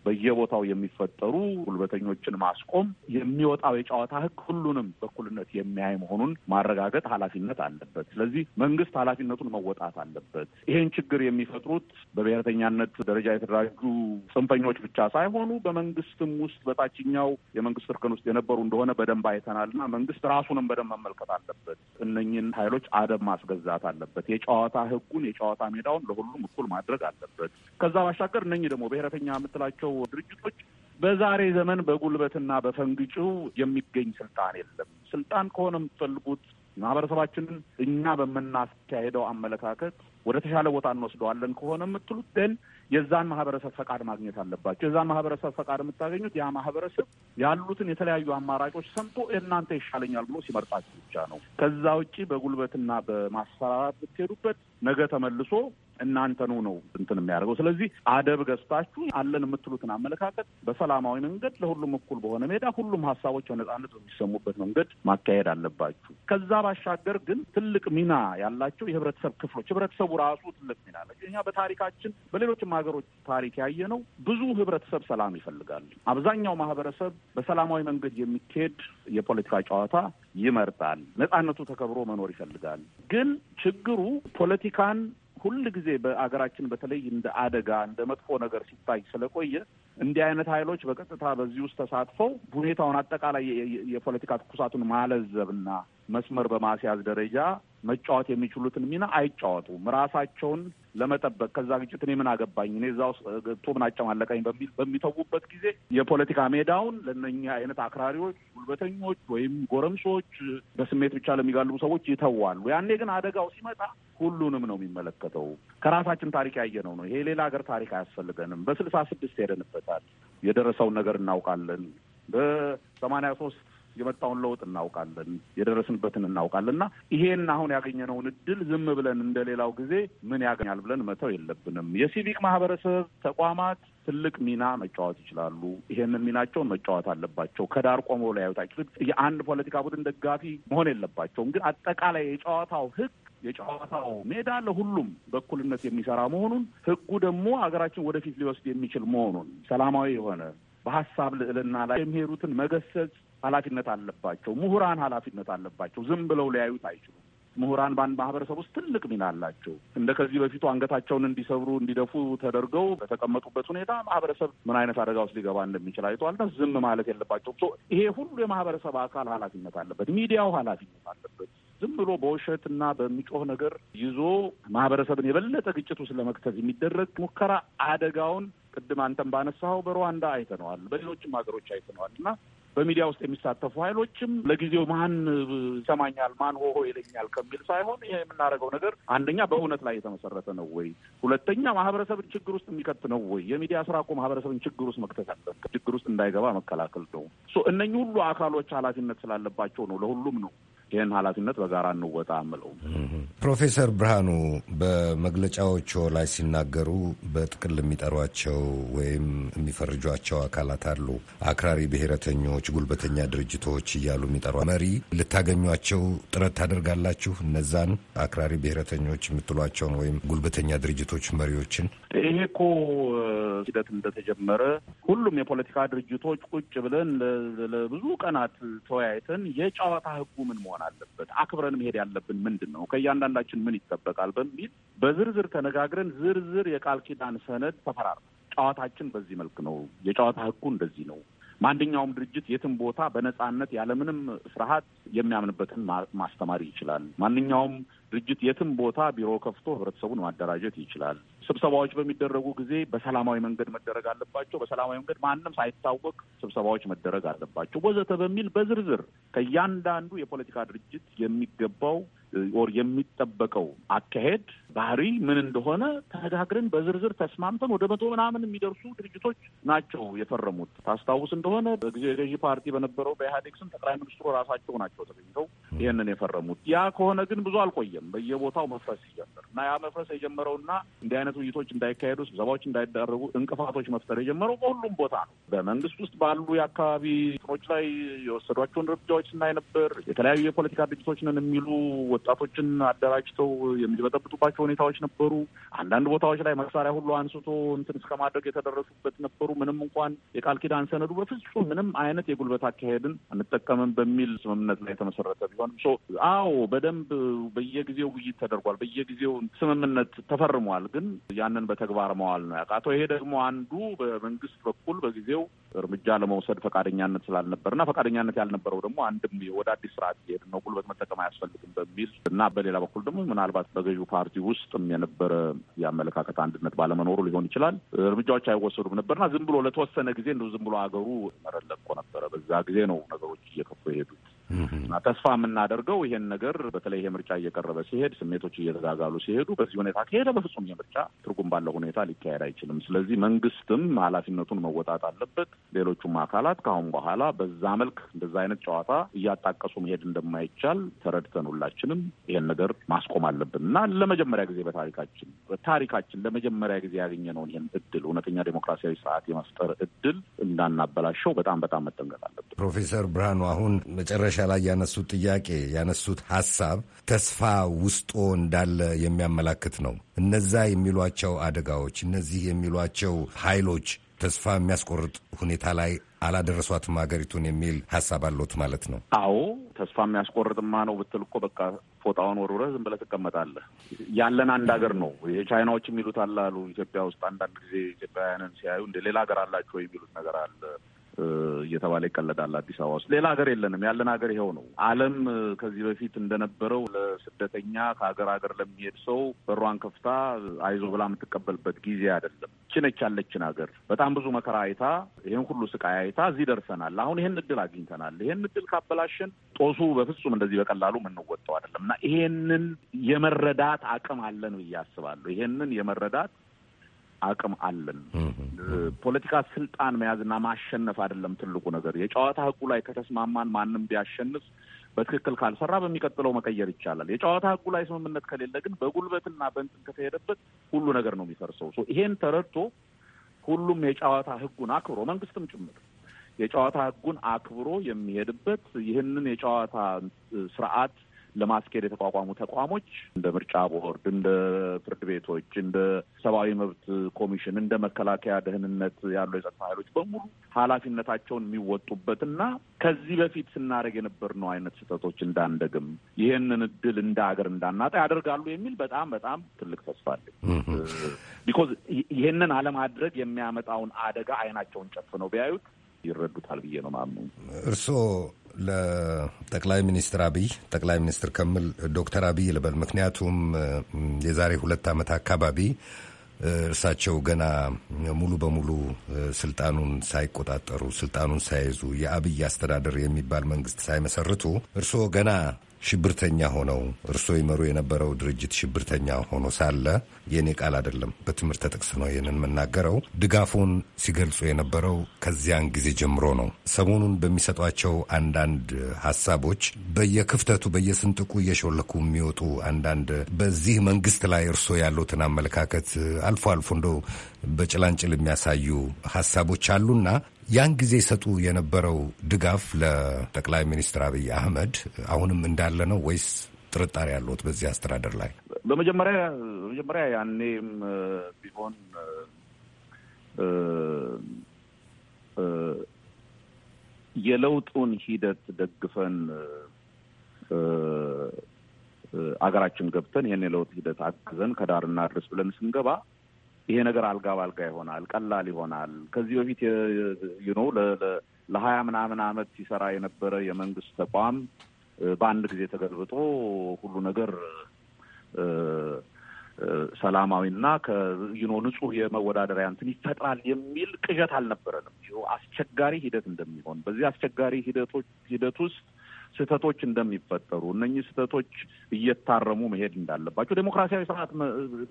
በየቦታው የሚፈጠሩ ጉልበተኞችን ማስቆም የሚወጣው የጨዋታ ህግ ሁሉንም በኩልነት የሚያይ መሆኑን ማረጋገጥ ኃላፊነት አለበት። ስለዚህ መንግስት ኃላፊነቱን መወጣት አለበት። ይህን ችግር የሚፈጥሩት በብሔረተኛነት ደረጃ የተደራጁ ጽንፈኞች ብቻ ሳይሆኑ በመንግስትም ውስጥ በታችኛው የመንግስት እርከን ውስጥ የነበሩ እንደሆነ በደንብ አይተናልና መንግስት ራሱንም በደንብ መመልከት አለበት። እነኝን ኃይሎች አደብ ማስገዛት አለበት። የጨዋታ ህጉን የጨዋታ ሜዳውን ለሁሉም እኩል ማድረግ አለበት። ከዛ ባሻገር እነኚህ ደግሞ ብሔረተኛ የምትላቸው ያላቸው ድርጅቶች በዛሬ ዘመን በጉልበትና በፈንግጩ የሚገኝ ስልጣን የለም። ስልጣን ከሆነ የምትፈልጉት ማህበረሰባችንን እኛ በምናካሄደው አመለካከት ወደ ተሻለ ቦታ እንወስደዋለን ከሆነ የምትሉት ደን የዛን ማህበረሰብ ፈቃድ ማግኘት አለባቸው። የዛን ማህበረሰብ ፈቃድ የምታገኙት ያ ማህበረሰብ ያሉትን የተለያዩ አማራጮች ሰምቶ እናንተ ይሻለኛል ብሎ ሲመርጣችሁ ብቻ ነው። ከዛ ውጭ በጉልበትና በማሰራራት ብትሄዱበት ነገ ተመልሶ እናንተኑ ነው እንትን የሚያደርገው። ስለዚህ አደብ ገዝታችሁ አለን የምትሉትን አመለካከት በሰላማዊ መንገድ ለሁሉም እኩል በሆነ ሜዳ ሁሉም ሀሳቦች በነጻነት በሚሰሙበት መንገድ ማካሄድ አለባችሁ። ከዛ ባሻገር ግን ትልቅ ሚና ያላቸው የህብረተሰብ ክፍሎች ህብረተሰቡ ራሱ ትልቅ ሚና አላቸው። እኛ በታሪካችን በሌሎችም ሀገሮች ታሪክ ያየ ነው። ብዙ ህብረተሰብ ሰላም ይፈልጋል። አብዛኛው ማህበረሰብ በሰላማዊ መንገድ የሚካሄድ የፖለቲካ ጨዋታ ይመርጣል። ነጻነቱ ተከብሮ መኖር ይፈልጋል። ግን ችግሩ ፖለቲካን ሁል ጊዜ በአገራችን በተለይ እንደ አደጋ እንደ መጥፎ ነገር ሲታይ ስለቆየ እንዲህ አይነት ኃይሎች በቀጥታ በዚህ ውስጥ ተሳትፈው ሁኔታውን አጠቃላይ የፖለቲካ ትኩሳቱን ማለዘብና መስመር በማስያዝ ደረጃ መጫወት የሚችሉትን ሚና አይጫወቱም። ራሳቸውን ለመጠበቅ ከዛ ግጭት እኔ ምን አገባኝ እኔ እዛ ውስጥ ገብቶ ምን አጨማለቀኝ በሚል በሚተዉበት ጊዜ የፖለቲካ ሜዳውን ለእነኛ አይነት አክራሪዎች፣ ጉልበተኞች ወይም ጎረምሶች በስሜት ብቻ ለሚጋልቡ ሰዎች ይተዋሉ። ያኔ ግን አደጋው ሲመጣ ሁሉንም ነው የሚመለከተው። ከራሳችን ታሪክ ያየነው ነው። ይሄ ሌላ ሀገር ታሪክ አያስፈልገንም። በስልሳ ስድስት ሄደንበታል። የደረሰውን ነገር እናውቃለን። በሰማንያ ሶስት የመጣውን ለውጥ እናውቃለን፣ የደረስንበትን እናውቃለን እና ይሄን አሁን ያገኘነውን እድል ዝም ብለን እንደሌላው ጊዜ ምን ያገኛል ብለን መተው የለብንም። የሲቪክ ማህበረሰብ ተቋማት ትልቅ ሚና መጫወት ይችላሉ። ይሄንን ሚናቸውን መጫወት አለባቸው። ከዳር ቆሞ ሊያዩት የአንድ ፖለቲካ ቡድን ደጋፊ መሆን የለባቸውም። ግን አጠቃላይ የጨዋታው ህግ የጨዋታው ሜዳ ለሁሉም በእኩልነት የሚሰራ መሆኑን ህጉ ደግሞ ሀገራችን ወደፊት ሊወስድ የሚችል መሆኑን ሰላማዊ የሆነ በሀሳብ ልዕልና ላይ የሚሄዱትን መገሰጽ ኃላፊነት አለባቸው። ምሁራን ኃላፊነት አለባቸው። ዝም ብለው ሊያዩት አይችሉም። ምሁራን በአንድ ማህበረሰብ ውስጥ ትልቅ ሚና አላቸው። እንደ ከዚህ በፊቱ አንገታቸውን እንዲሰብሩ እንዲደፉ ተደርገው በተቀመጡበት ሁኔታ ማህበረሰብ ምን አይነት አደጋ ውስጥ ሊገባ እንደሚችል አይተዋልና ዝም ማለት የለባቸው። ይሄ ሁሉ የማህበረሰብ አካል ኃላፊነት አለበት። ሚዲያው ኃላፊነት አለበት። ዝም ብሎ በውሸት እና በሚጮህ ነገር ይዞ ማህበረሰብን የበለጠ ግጭት ውስጥ ለመክተት የሚደረግ ሙከራ አደጋውን ቅድም አንተም ባነሳኸው በሩዋንዳ አይተነዋል፣ በሌሎችም ሀገሮች አይተነዋል እና በሚዲያ ውስጥ የሚሳተፉ ኃይሎችም ለጊዜው ማን ይሰማኛል ማን ሆሆ ይለኛል ከሚል ሳይሆን ይሄ የምናደርገው ነገር አንደኛ በእውነት ላይ የተመሰረተ ነው ወይ፣ ሁለተኛ ማህበረሰብን ችግር ውስጥ የሚከት ነው ወይ። የሚዲያ ስራ እኮ ማህበረሰብን ችግር ውስጥ መክተት አለበት፣ ችግር ውስጥ እንዳይገባ መከላከል ነው። እነኚህ ሁሉ አካሎች ኃላፊነት ስላለባቸው ነው። ለሁሉም ነው ይህን ኃላፊነት በጋራ እንወጣ ምለው። ፕሮፌሰር ብርሃኑ በመግለጫዎቹ ላይ ሲናገሩ በጥቅል የሚጠሯቸው ወይም የሚፈርጇቸው አካላት አሉ። አክራሪ ብሔረተኞች፣ ጉልበተኛ ድርጅቶች እያሉ የሚጠሩ መሪ ልታገኟቸው ጥረት ታደርጋላችሁ? እነዛን አክራሪ ብሔረተኞች የምትሏቸውን ወይም ጉልበተኛ ድርጅቶች መሪዎችን ይሄ እኮ ሂደት እንደተጀመረ ሁሉም የፖለቲካ ድርጅቶች ቁጭ ብለን ለብዙ ቀናት ተወያይተን የጨዋታ ህጉ ምን መሆን አለበት፣ አክብረን መሄድ ያለብን ምንድን ነው፣ ከእያንዳንዳችን ምን ይጠበቃል በሚል በዝርዝር ተነጋግረን ዝርዝር የቃል ኪዳን ሰነድ ተፈራር ጨዋታችን በዚህ መልክ ነው፣ የጨዋታ ህጉ እንደዚህ ነው ማንኛውም ድርጅት የትም ቦታ በነፃነት ያለምንም ፍርሃት የሚያምንበትን ማስተማር ይችላል። ማንኛውም ድርጅት የትም ቦታ ቢሮ ከፍቶ ህብረተሰቡን ማደራጀት ይችላል። ስብሰባዎች በሚደረጉ ጊዜ በሰላማዊ መንገድ መደረግ አለባቸው፣ በሰላማዊ መንገድ ማንም ሳይታወቅ ስብሰባዎች መደረግ አለባቸው ወዘተ በሚል በዝርዝር ከእያንዳንዱ የፖለቲካ ድርጅት የሚገባው ወር የሚጠበቀው አካሄድ ባህሪ ምን እንደሆነ ተነጋግረን በዝርዝር ተስማምተን ወደ መቶ ምናምን የሚደርሱ ድርጅቶች ናቸው የፈረሙት። ታስታውስ እንደሆነ በጊዜ የገዢ ፓርቲ በነበረው በኢህአዴግ ስም ጠቅላይ ሚኒስትሩ ራሳቸው ናቸው ተገኝተው ይህንን የፈረሙት። ያ ከሆነ ግን ብዙ አልቆየም፣ በየቦታው መፍረስ ሲጀምር እና ያ መፍረስ የጀመረውና እንዲህ አይነት ውይይቶች እንዳይካሄዱ፣ ስብሰባዎች እንዳይዳረጉ እንቅፋቶች መፍጠር የጀመረው በሁሉም ቦታ ነው። በመንግስት ውስጥ ባሉ የአካባቢ ስኖች ላይ የወሰዷቸውን እርምጃዎች ስናይ ነበር። የተለያዩ የፖለቲካ ድርጅቶች ነን የሚሉ ወጣቶችን አደራጅተው የሚበጠብጡባቸው ሁኔታዎች ነበሩ። አንዳንድ ቦታዎች ላይ መሳሪያ ሁሉ አንስቶ እንትን እስከ ማድረግ የተደረሱበት ነበሩ። ምንም እንኳን የቃል ኪዳን ሰነዱ በፍጹም ምንም አይነት የጉልበት አካሄድን አንጠቀምም በሚል ስምምነት ላይ የተመሰረተ ቢሆንም አዎ፣ በደንብ በየጊዜው ውይይት ተደርጓል። በየጊዜው ስምምነት ተፈርሟል። ግን ያንን በተግባር መዋል ነው ያቃተው። ይሄ ደግሞ አንዱ በመንግስት በኩል በጊዜው እርምጃ ለመውሰድ ፈቃደኛነት እና ፈቃደኛነት ያልነበረው ደግሞ አንድም ወደ አዲስ ስርዓት እየሄድን ነው፣ ጉልበት መጠቀም አያስፈልግም በሚል እና በሌላ በኩል ደግሞ ምናልባት በገዢው ፓርቲ ውስጥም የነበረ የአመለካከት አንድነት ባለመኖሩ ሊሆን ይችላል እርምጃዎች አይወሰዱም ነበርና ዝም ብሎ ለተወሰነ ጊዜ እንደ ዝም ብሎ አገሩ መረለቆ ነበረ። በዛ ጊዜ ነው ነገሮች እየከፉ የሄዱት። እና ተስፋ የምናደርገው ይሄን ነገር በተለይ ይሄ ምርጫ እየቀረበ ሲሄድ፣ ስሜቶች እየተጋጋሉ ሲሄዱ፣ በዚህ ሁኔታ ከሄደ በፍጹም ይሄ ምርጫ ትርጉም ባለው ሁኔታ ሊካሄድ አይችልም። ስለዚህ መንግስትም ኃላፊነቱን መወጣት አለበት። ሌሎቹም አካላት ከአሁን በኋላ በዛ መልክ እንደዛ አይነት ጨዋታ እያጣቀሱ መሄድ እንደማይቻል ተረድተን ሁላችንም ይሄን ነገር ማስቆም አለብን እና ለመጀመሪያ ጊዜ በታሪካችን በታሪካችን ለመጀመሪያ ጊዜ ያገኘነውን ይህን እድል እውነተኛ ዴሞክራሲያዊ ስርዓት የመፍጠር እድል እንዳናበላሸው በጣም በጣም መጠንቀቅ አለብን። ፕሮፌሰር ብርሃኑ አሁን መጨረሻ መጨረሻ ላይ ያነሱት ጥያቄ ያነሱት ሀሳብ ተስፋ ውስጦ እንዳለ የሚያመላክት ነው። እነዛ የሚሏቸው አደጋዎች፣ እነዚህ የሚሏቸው ኃይሎች ተስፋ የሚያስቆርጥ ሁኔታ ላይ አላደረሷትም ሀገሪቱን የሚል ሀሳብ አሎት ማለት ነው። አዎ ተስፋ የሚያስቆርጥማ ነው ብትል እኮ በቃ ፎጣውን ወርውረህ ዝም ብለህ ትቀመጣለህ። ያለን አንድ ሀገር ነው። የቻይናዎች የሚሉት አላሉ ኢትዮጵያ ውስጥ አንዳንድ ጊዜ ኢትዮጵያውያንን ሲያዩ እንደ ሌላ ሀገር አላቸው የሚሉት ነገር አለ። እየተባለ ይቀለዳል። አዲስ አበባ ውስጥ ሌላ ሀገር የለንም። ያለን ሀገር ይኸው ነው። ዓለም ከዚህ በፊት እንደነበረው ለስደተኛ ከሀገር ሀገር ለሚሄድ ሰው በሯን ከፍታ አይዞ ብላ የምትቀበልበት ጊዜ አይደለም። ችነች ያለችን ሀገር በጣም ብዙ መከራ አይታ ይህን ሁሉ ስቃይ አይታ እዚህ ደርሰናል። አሁን ይህን እድል አግኝተናል። ይህን እድል ካበላሽን ጦሱ በፍጹም እንደዚህ በቀላሉ የምንወጣው አይደለም እና ይሄንን የመረዳት አቅም አለን ብዬ አስባለሁ። ይሄንን የመረዳት አቅም አለን። ፖለቲካ ስልጣን መያዝና ማሸነፍ አይደለም ትልቁ ነገር። የጨዋታ ህጉ ላይ ከተስማማን ማንም ቢያሸንፍ በትክክል ካልሰራ በሚቀጥለው መቀየር ይቻላል። የጨዋታ ህጉ ላይ ስምምነት ከሌለ ግን በጉልበትና በእንትን ከተሄደበት ሁሉ ነገር ነው የሚፈርሰው። ይሄን ተረድቶ ሁሉም የጨዋታ ህጉን አክብሮ መንግስትም ጭምር የጨዋታ ህጉን አክብሮ የሚሄድበት ይህንን የጨዋታ ስርዓት ለማስኬድ የተቋቋሙ ተቋሞች እንደ ምርጫ ቦርድ፣ እንደ ፍርድ ቤቶች፣ እንደ ሰብአዊ መብት ኮሚሽን፣ እንደ መከላከያ ደህንነት ያሉ የጸጥታ ኃይሎች በሙሉ ኃላፊነታቸውን እና ከዚህ በፊት ስናደርግ የነበርነው አይነት ስህተቶች እንዳንደግም ይህንን እድል እንደ ሀገር እንዳናጣ ያደርጋሉ የሚል በጣም በጣም ትልቅ ተስፋ አለኝ። ቢኮዝ ይህንን አለማድረግ የሚያመጣውን አደጋ አይናቸውን ጨፍነው ቢያዩት ይረዱታል ብዬ ነው ማምኑ። እርስዎ ለጠቅላይ ሚኒስትር አብይ ጠቅላይ ሚኒስትር ከምል ዶክተር አብይ ልበል። ምክንያቱም የዛሬ ሁለት ዓመት አካባቢ እርሳቸው ገና ሙሉ በሙሉ ስልጣኑን ሳይቆጣጠሩ ስልጣኑን ሳይዙ የአብይ አስተዳደር የሚባል መንግስት ሳይመሰርቱ እርስዎ ገና ሽብርተኛ ሆነው እርስዎ ይመሩ የነበረው ድርጅት ሽብርተኛ ሆኖ ሳለ የእኔ ቃል አይደለም፣ በትምህርት ተጠቅስ ነው ይህንን የምናገረው። ድጋፉን ሲገልጹ የነበረው ከዚያን ጊዜ ጀምሮ ነው። ሰሞኑን በሚሰጧቸው አንዳንድ ሀሳቦች በየክፍተቱ በየስንጥቁ እየሾለኩ የሚወጡ አንዳንድ በዚህ መንግስት ላይ እርስዎ ያሉትን አመለካከት አልፎ አልፎ እንደው በጭላንጭል የሚያሳዩ ሀሳቦች አሉና ያን ጊዜ ሰጡ የነበረው ድጋፍ ለጠቅላይ ሚኒስትር አብይ አህመድ አሁንም እንዳለ ነው ወይስ ጥርጣሬ ያለት በዚህ አስተዳደር ላይ? በመጀመሪያ በመጀመሪያ ያኔም ቢሆን የለውጡን ሂደት ደግፈን አገራችን ገብተን ይህን የለውጥ ሂደት አግዘን ከዳርና ድረስ ብለን ስንገባ ይሄ ነገር አልጋ ባልጋ ይሆናል፣ ቀላል ይሆናል። ከዚህ በፊት ዩኖ ለሀያ ምናምን አመት ሲሰራ የነበረ የመንግስት ተቋም በአንድ ጊዜ ተገልብጦ ሁሉ ነገር ሰላማዊና ከዩኖ ንጹህ የመወዳደሪያ እንትን ይፈጥራል የሚል ቅዠት አልነበረንም። አስቸጋሪ ሂደት እንደሚሆን በዚህ አስቸጋሪ ሂደቶች ሂደት ውስጥ ስህተቶች እንደሚፈጠሩ እነኚህ ስህተቶች እየታረሙ መሄድ እንዳለባቸው ዴሞክራሲያዊ ስርዓት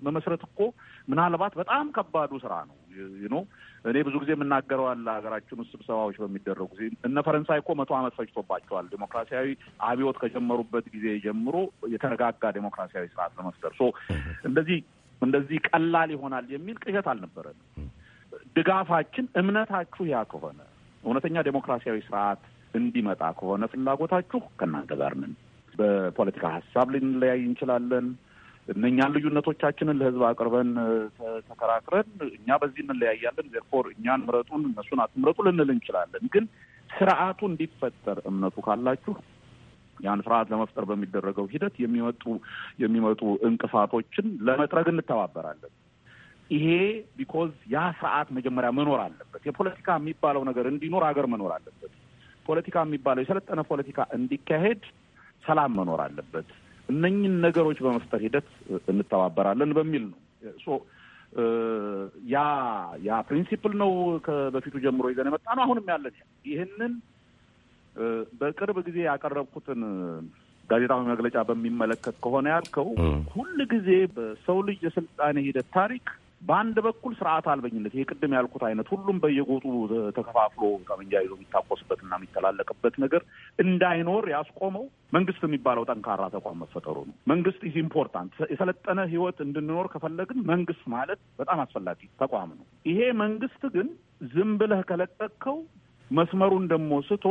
መመስረት እኮ ምናልባት በጣም ከባዱ ስራ ነው። ኖ እኔ ብዙ ጊዜ የምናገረው አለ ሀገራችን ውስጥ ስብሰባዎች በሚደረጉ ጊዜ እነ ፈረንሳይ እኮ መቶ ዓመት ፈጅቶባቸዋል። ዴሞክራሲያዊ አብዮት ከጀመሩበት ጊዜ ጀምሮ የተረጋጋ ዴሞክራሲያዊ ስርዓት ለመፍጠር ሶ እንደዚህ እንደዚህ ቀላል ይሆናል የሚል ቅዠት አልነበረንም። ድጋፋችን፣ እምነታችሁ ያ ከሆነ እውነተኛ ዴሞክራሲያዊ ስርዓት እንዲመጣ ከሆነ ፍላጎታችሁ ከእናንተ ጋር ነን። በፖለቲካ ሀሳብ ልንለያይ እንችላለን። እነኛን ልዩነቶቻችንን ለህዝብ አቅርበን ተከራክረን እኛ በዚህ እንለያያለን፣ ዜርፎር እኛን ምረጡን እነሱን አትምረጡ ልንል እንችላለን። ግን ስርዓቱ እንዲፈጠር እምነቱ ካላችሁ ያን ስርዓት ለመፍጠር በሚደረገው ሂደት የሚመጡ የሚመጡ እንቅፋቶችን ለመጥረግ እንተባበራለን። ይሄ ቢኮዝ ያ ስርዓት መጀመሪያ መኖር አለበት። የፖለቲካ የሚባለው ነገር እንዲኖር ሀገር መኖር አለበት። ፖለቲካ የሚባለው የሰለጠነ ፖለቲካ እንዲካሄድ ሰላም መኖር አለበት። እነኝን ነገሮች በመፍጠር ሂደት እንተባበራለን በሚል ነው። ያ ያ ፕሪንሲፕል ነው በፊቱ ጀምሮ ይዘን የመጣ ነው። አሁንም ያለን ይህንን በቅርብ ጊዜ ያቀረብኩትን ጋዜጣዊ መግለጫ በሚመለከት ከሆነ ያልከው ሁል ጊዜ በሰው ልጅ የስልጣኔ ሂደት ታሪክ በአንድ በኩል ስርዓት አልበኝነት ይሄ ቅድም ያልኩት አይነት ሁሉም በየጎጡ ተከፋፍሎ ጠመንጃ ይዞ የሚታኮስበትና የሚተላለቅበት ነገር እንዳይኖር ያስቆመው መንግስት የሚባለው ጠንካራ ተቋም መፈጠሩ ነው። መንግስት ኢዝ ኢምፖርታንት። የሰለጠነ ህይወት እንድንኖር ከፈለግን መንግስት ማለት በጣም አስፈላጊ ተቋም ነው። ይሄ መንግስት ግን ዝም ብለህ ከለቀቅከው መስመሩን ደግሞ ስቶ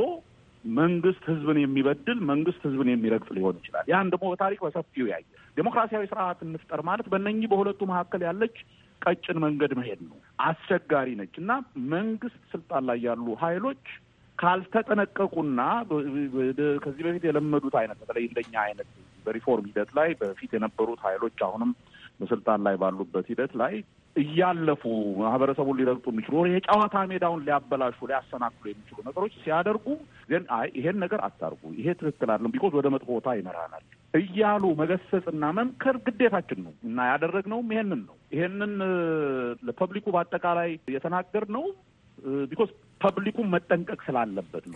መንግስት ህዝብን የሚበድል መንግስት ህዝብን የሚረግጥ ሊሆን ይችላል። ያን ደግሞ በታሪክ በሰፊው ያየ ዴሞክራሲያዊ ስርዓት እንፍጠር ማለት በእነኚህ በሁለቱ መካከል ያለች ቀጭን መንገድ መሄድ ነው። አስቸጋሪ ነች እና መንግስት ስልጣን ላይ ያሉ ኃይሎች ካልተጠነቀቁና ከዚህ በፊት የለመዱት አይነት በተለይ እንደኛ አይነት በሪፎርም ሂደት ላይ በፊት የነበሩት ሀይሎች አሁንም በስልጣን ላይ ባሉበት ሂደት ላይ እያለፉ ማህበረሰቡን ሊረግጡ የሚችሉ የጨዋታ ሜዳውን ሊያበላሹ ሊያሰናክሉ የሚችሉ ነገሮች ሲያደርጉ ግን አይ ይሄን ነገር አታርጉ፣ ይሄ ትክክል አለም ቢኮዝ ወደ መጥፎ ቦታ ይመራናል እያሉ መገሰጽና መምከር ግዴታችን ነው እና ያደረግነውም ይሄንን ነው። ይሄንን ለፐብሊኩ በአጠቃላይ የተናገር ነው ቢኮዝ ፐብሊኩ መጠንቀቅ ስላለበት ነው።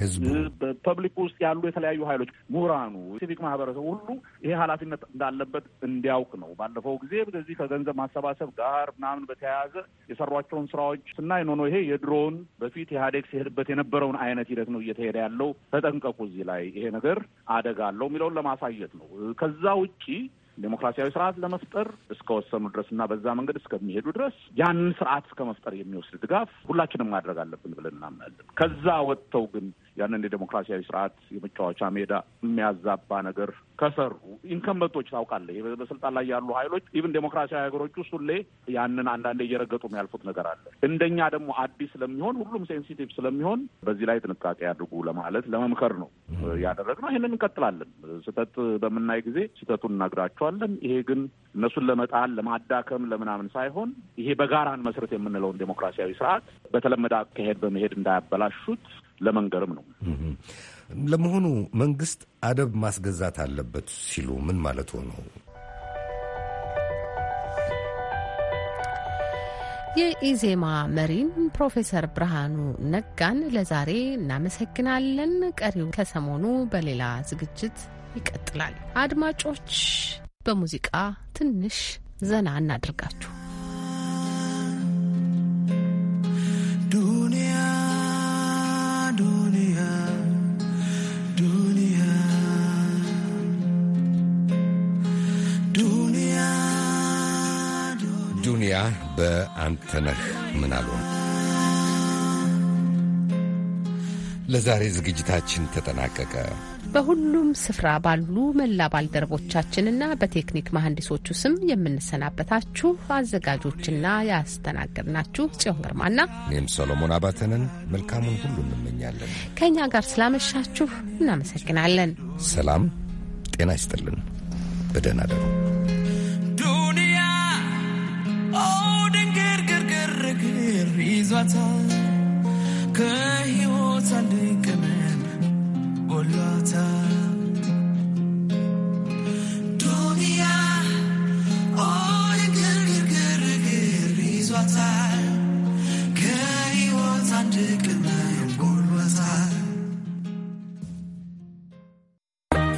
በፐብሊክ ውስጥ ያሉ የተለያዩ ኃይሎች፣ ምሁራኑ፣ ሲቪክ ማህበረሰቡ ሁሉ ይሄ ኃላፊነት እንዳለበት እንዲያውቅ ነው። ባለፈው ጊዜ በዚህ ከገንዘብ ማሰባሰብ ጋር ምናምን በተያያዘ የሰሯቸውን ስራዎች ስናይ ኖ ይሄ የድሮውን በፊት ኢህአዴግ ሲሄድበት የነበረውን አይነት ሂደት ነው እየተሄደ ያለው። ተጠንቀቁ፣ እዚህ ላይ ይሄ ነገር አደጋ አለው የሚለውን ለማሳየት ነው። ከዛ ውጪ ዴሞክራሲያዊ ስርዓት ለመፍጠር እስከወሰኑ ድረስ እና በዛ መንገድ እስከሚሄዱ ድረስ ያንን ስርዓት እስከ መፍጠር የሚወስድ ድጋፍ ሁላችንም ማድረግ አለብን ብለን እናምናለን። ከዛ ወጥተው ግን ያንን የዴሞክራሲያዊ ስርዓት የመጫወቻ ሜዳ የሚያዛባ ነገር ከሰሩ ኢንከመንቶች ታውቃለህ፣ በስልጣን ላይ ያሉ ሀይሎች ኢቭን ዴሞክራሲያዊ ሀገሮች ውስጥ ሁሌ ያንን አንዳንዴ እየረገጡ የሚያልፉት ነገር አለ። እንደኛ ደግሞ አዲስ ስለሚሆን ሁሉም ሴንሲቲቭ ስለሚሆን በዚህ ላይ ጥንቃቄ ያድርጉ ለማለት ለመምከር ነው ያደረግነው። ይህንን እንቀጥላለን። ስህተት በምናይ ጊዜ ስህተቱን እናግራቸዋለን። ይሄ ግን እነሱን ለመጣል ለማዳከም ለምናምን ሳይሆን ይሄ በጋራን መስረት የምንለውን ዴሞክራሲያዊ ስርዓት በተለመደ አካሄድ በመሄድ እንዳያበላሹት ለመንገርም ነው። ለመሆኑ መንግስት አደብ ማስገዛት አለበት ሲሉ ምን ማለት ነው? የኢዜማ መሪን ፕሮፌሰር ብርሃኑ ነጋን ለዛሬ እናመሰግናለን። ቀሪው ከሰሞኑ በሌላ ዝግጅት ይቀጥላል። አድማጮች በሙዚቃ ትንሽ ዘና እናድርጋችሁ። ነህ ምን አሉ። ለዛሬ ዝግጅታችን ተጠናቀቀ። በሁሉም ስፍራ ባሉ መላ ባልደረቦቻችንና በቴክኒክ መሐንዲሶቹ ስም የምንሰናበታችሁ አዘጋጆችና ያስተናገድናችሁ ጽዮን ግርማና እኔም ሰሎሞን አባተንን መልካሙን ሁሉ እንመኛለን። ከእኛ ጋር ስላመሻችሁ እናመሰግናለን። ሰላም ጤና ይስጥልን። በደህና ደሩ። ፍቅር ይዟታል ከሕይወት አንድ ቅመም ጎሏታል ዱንያ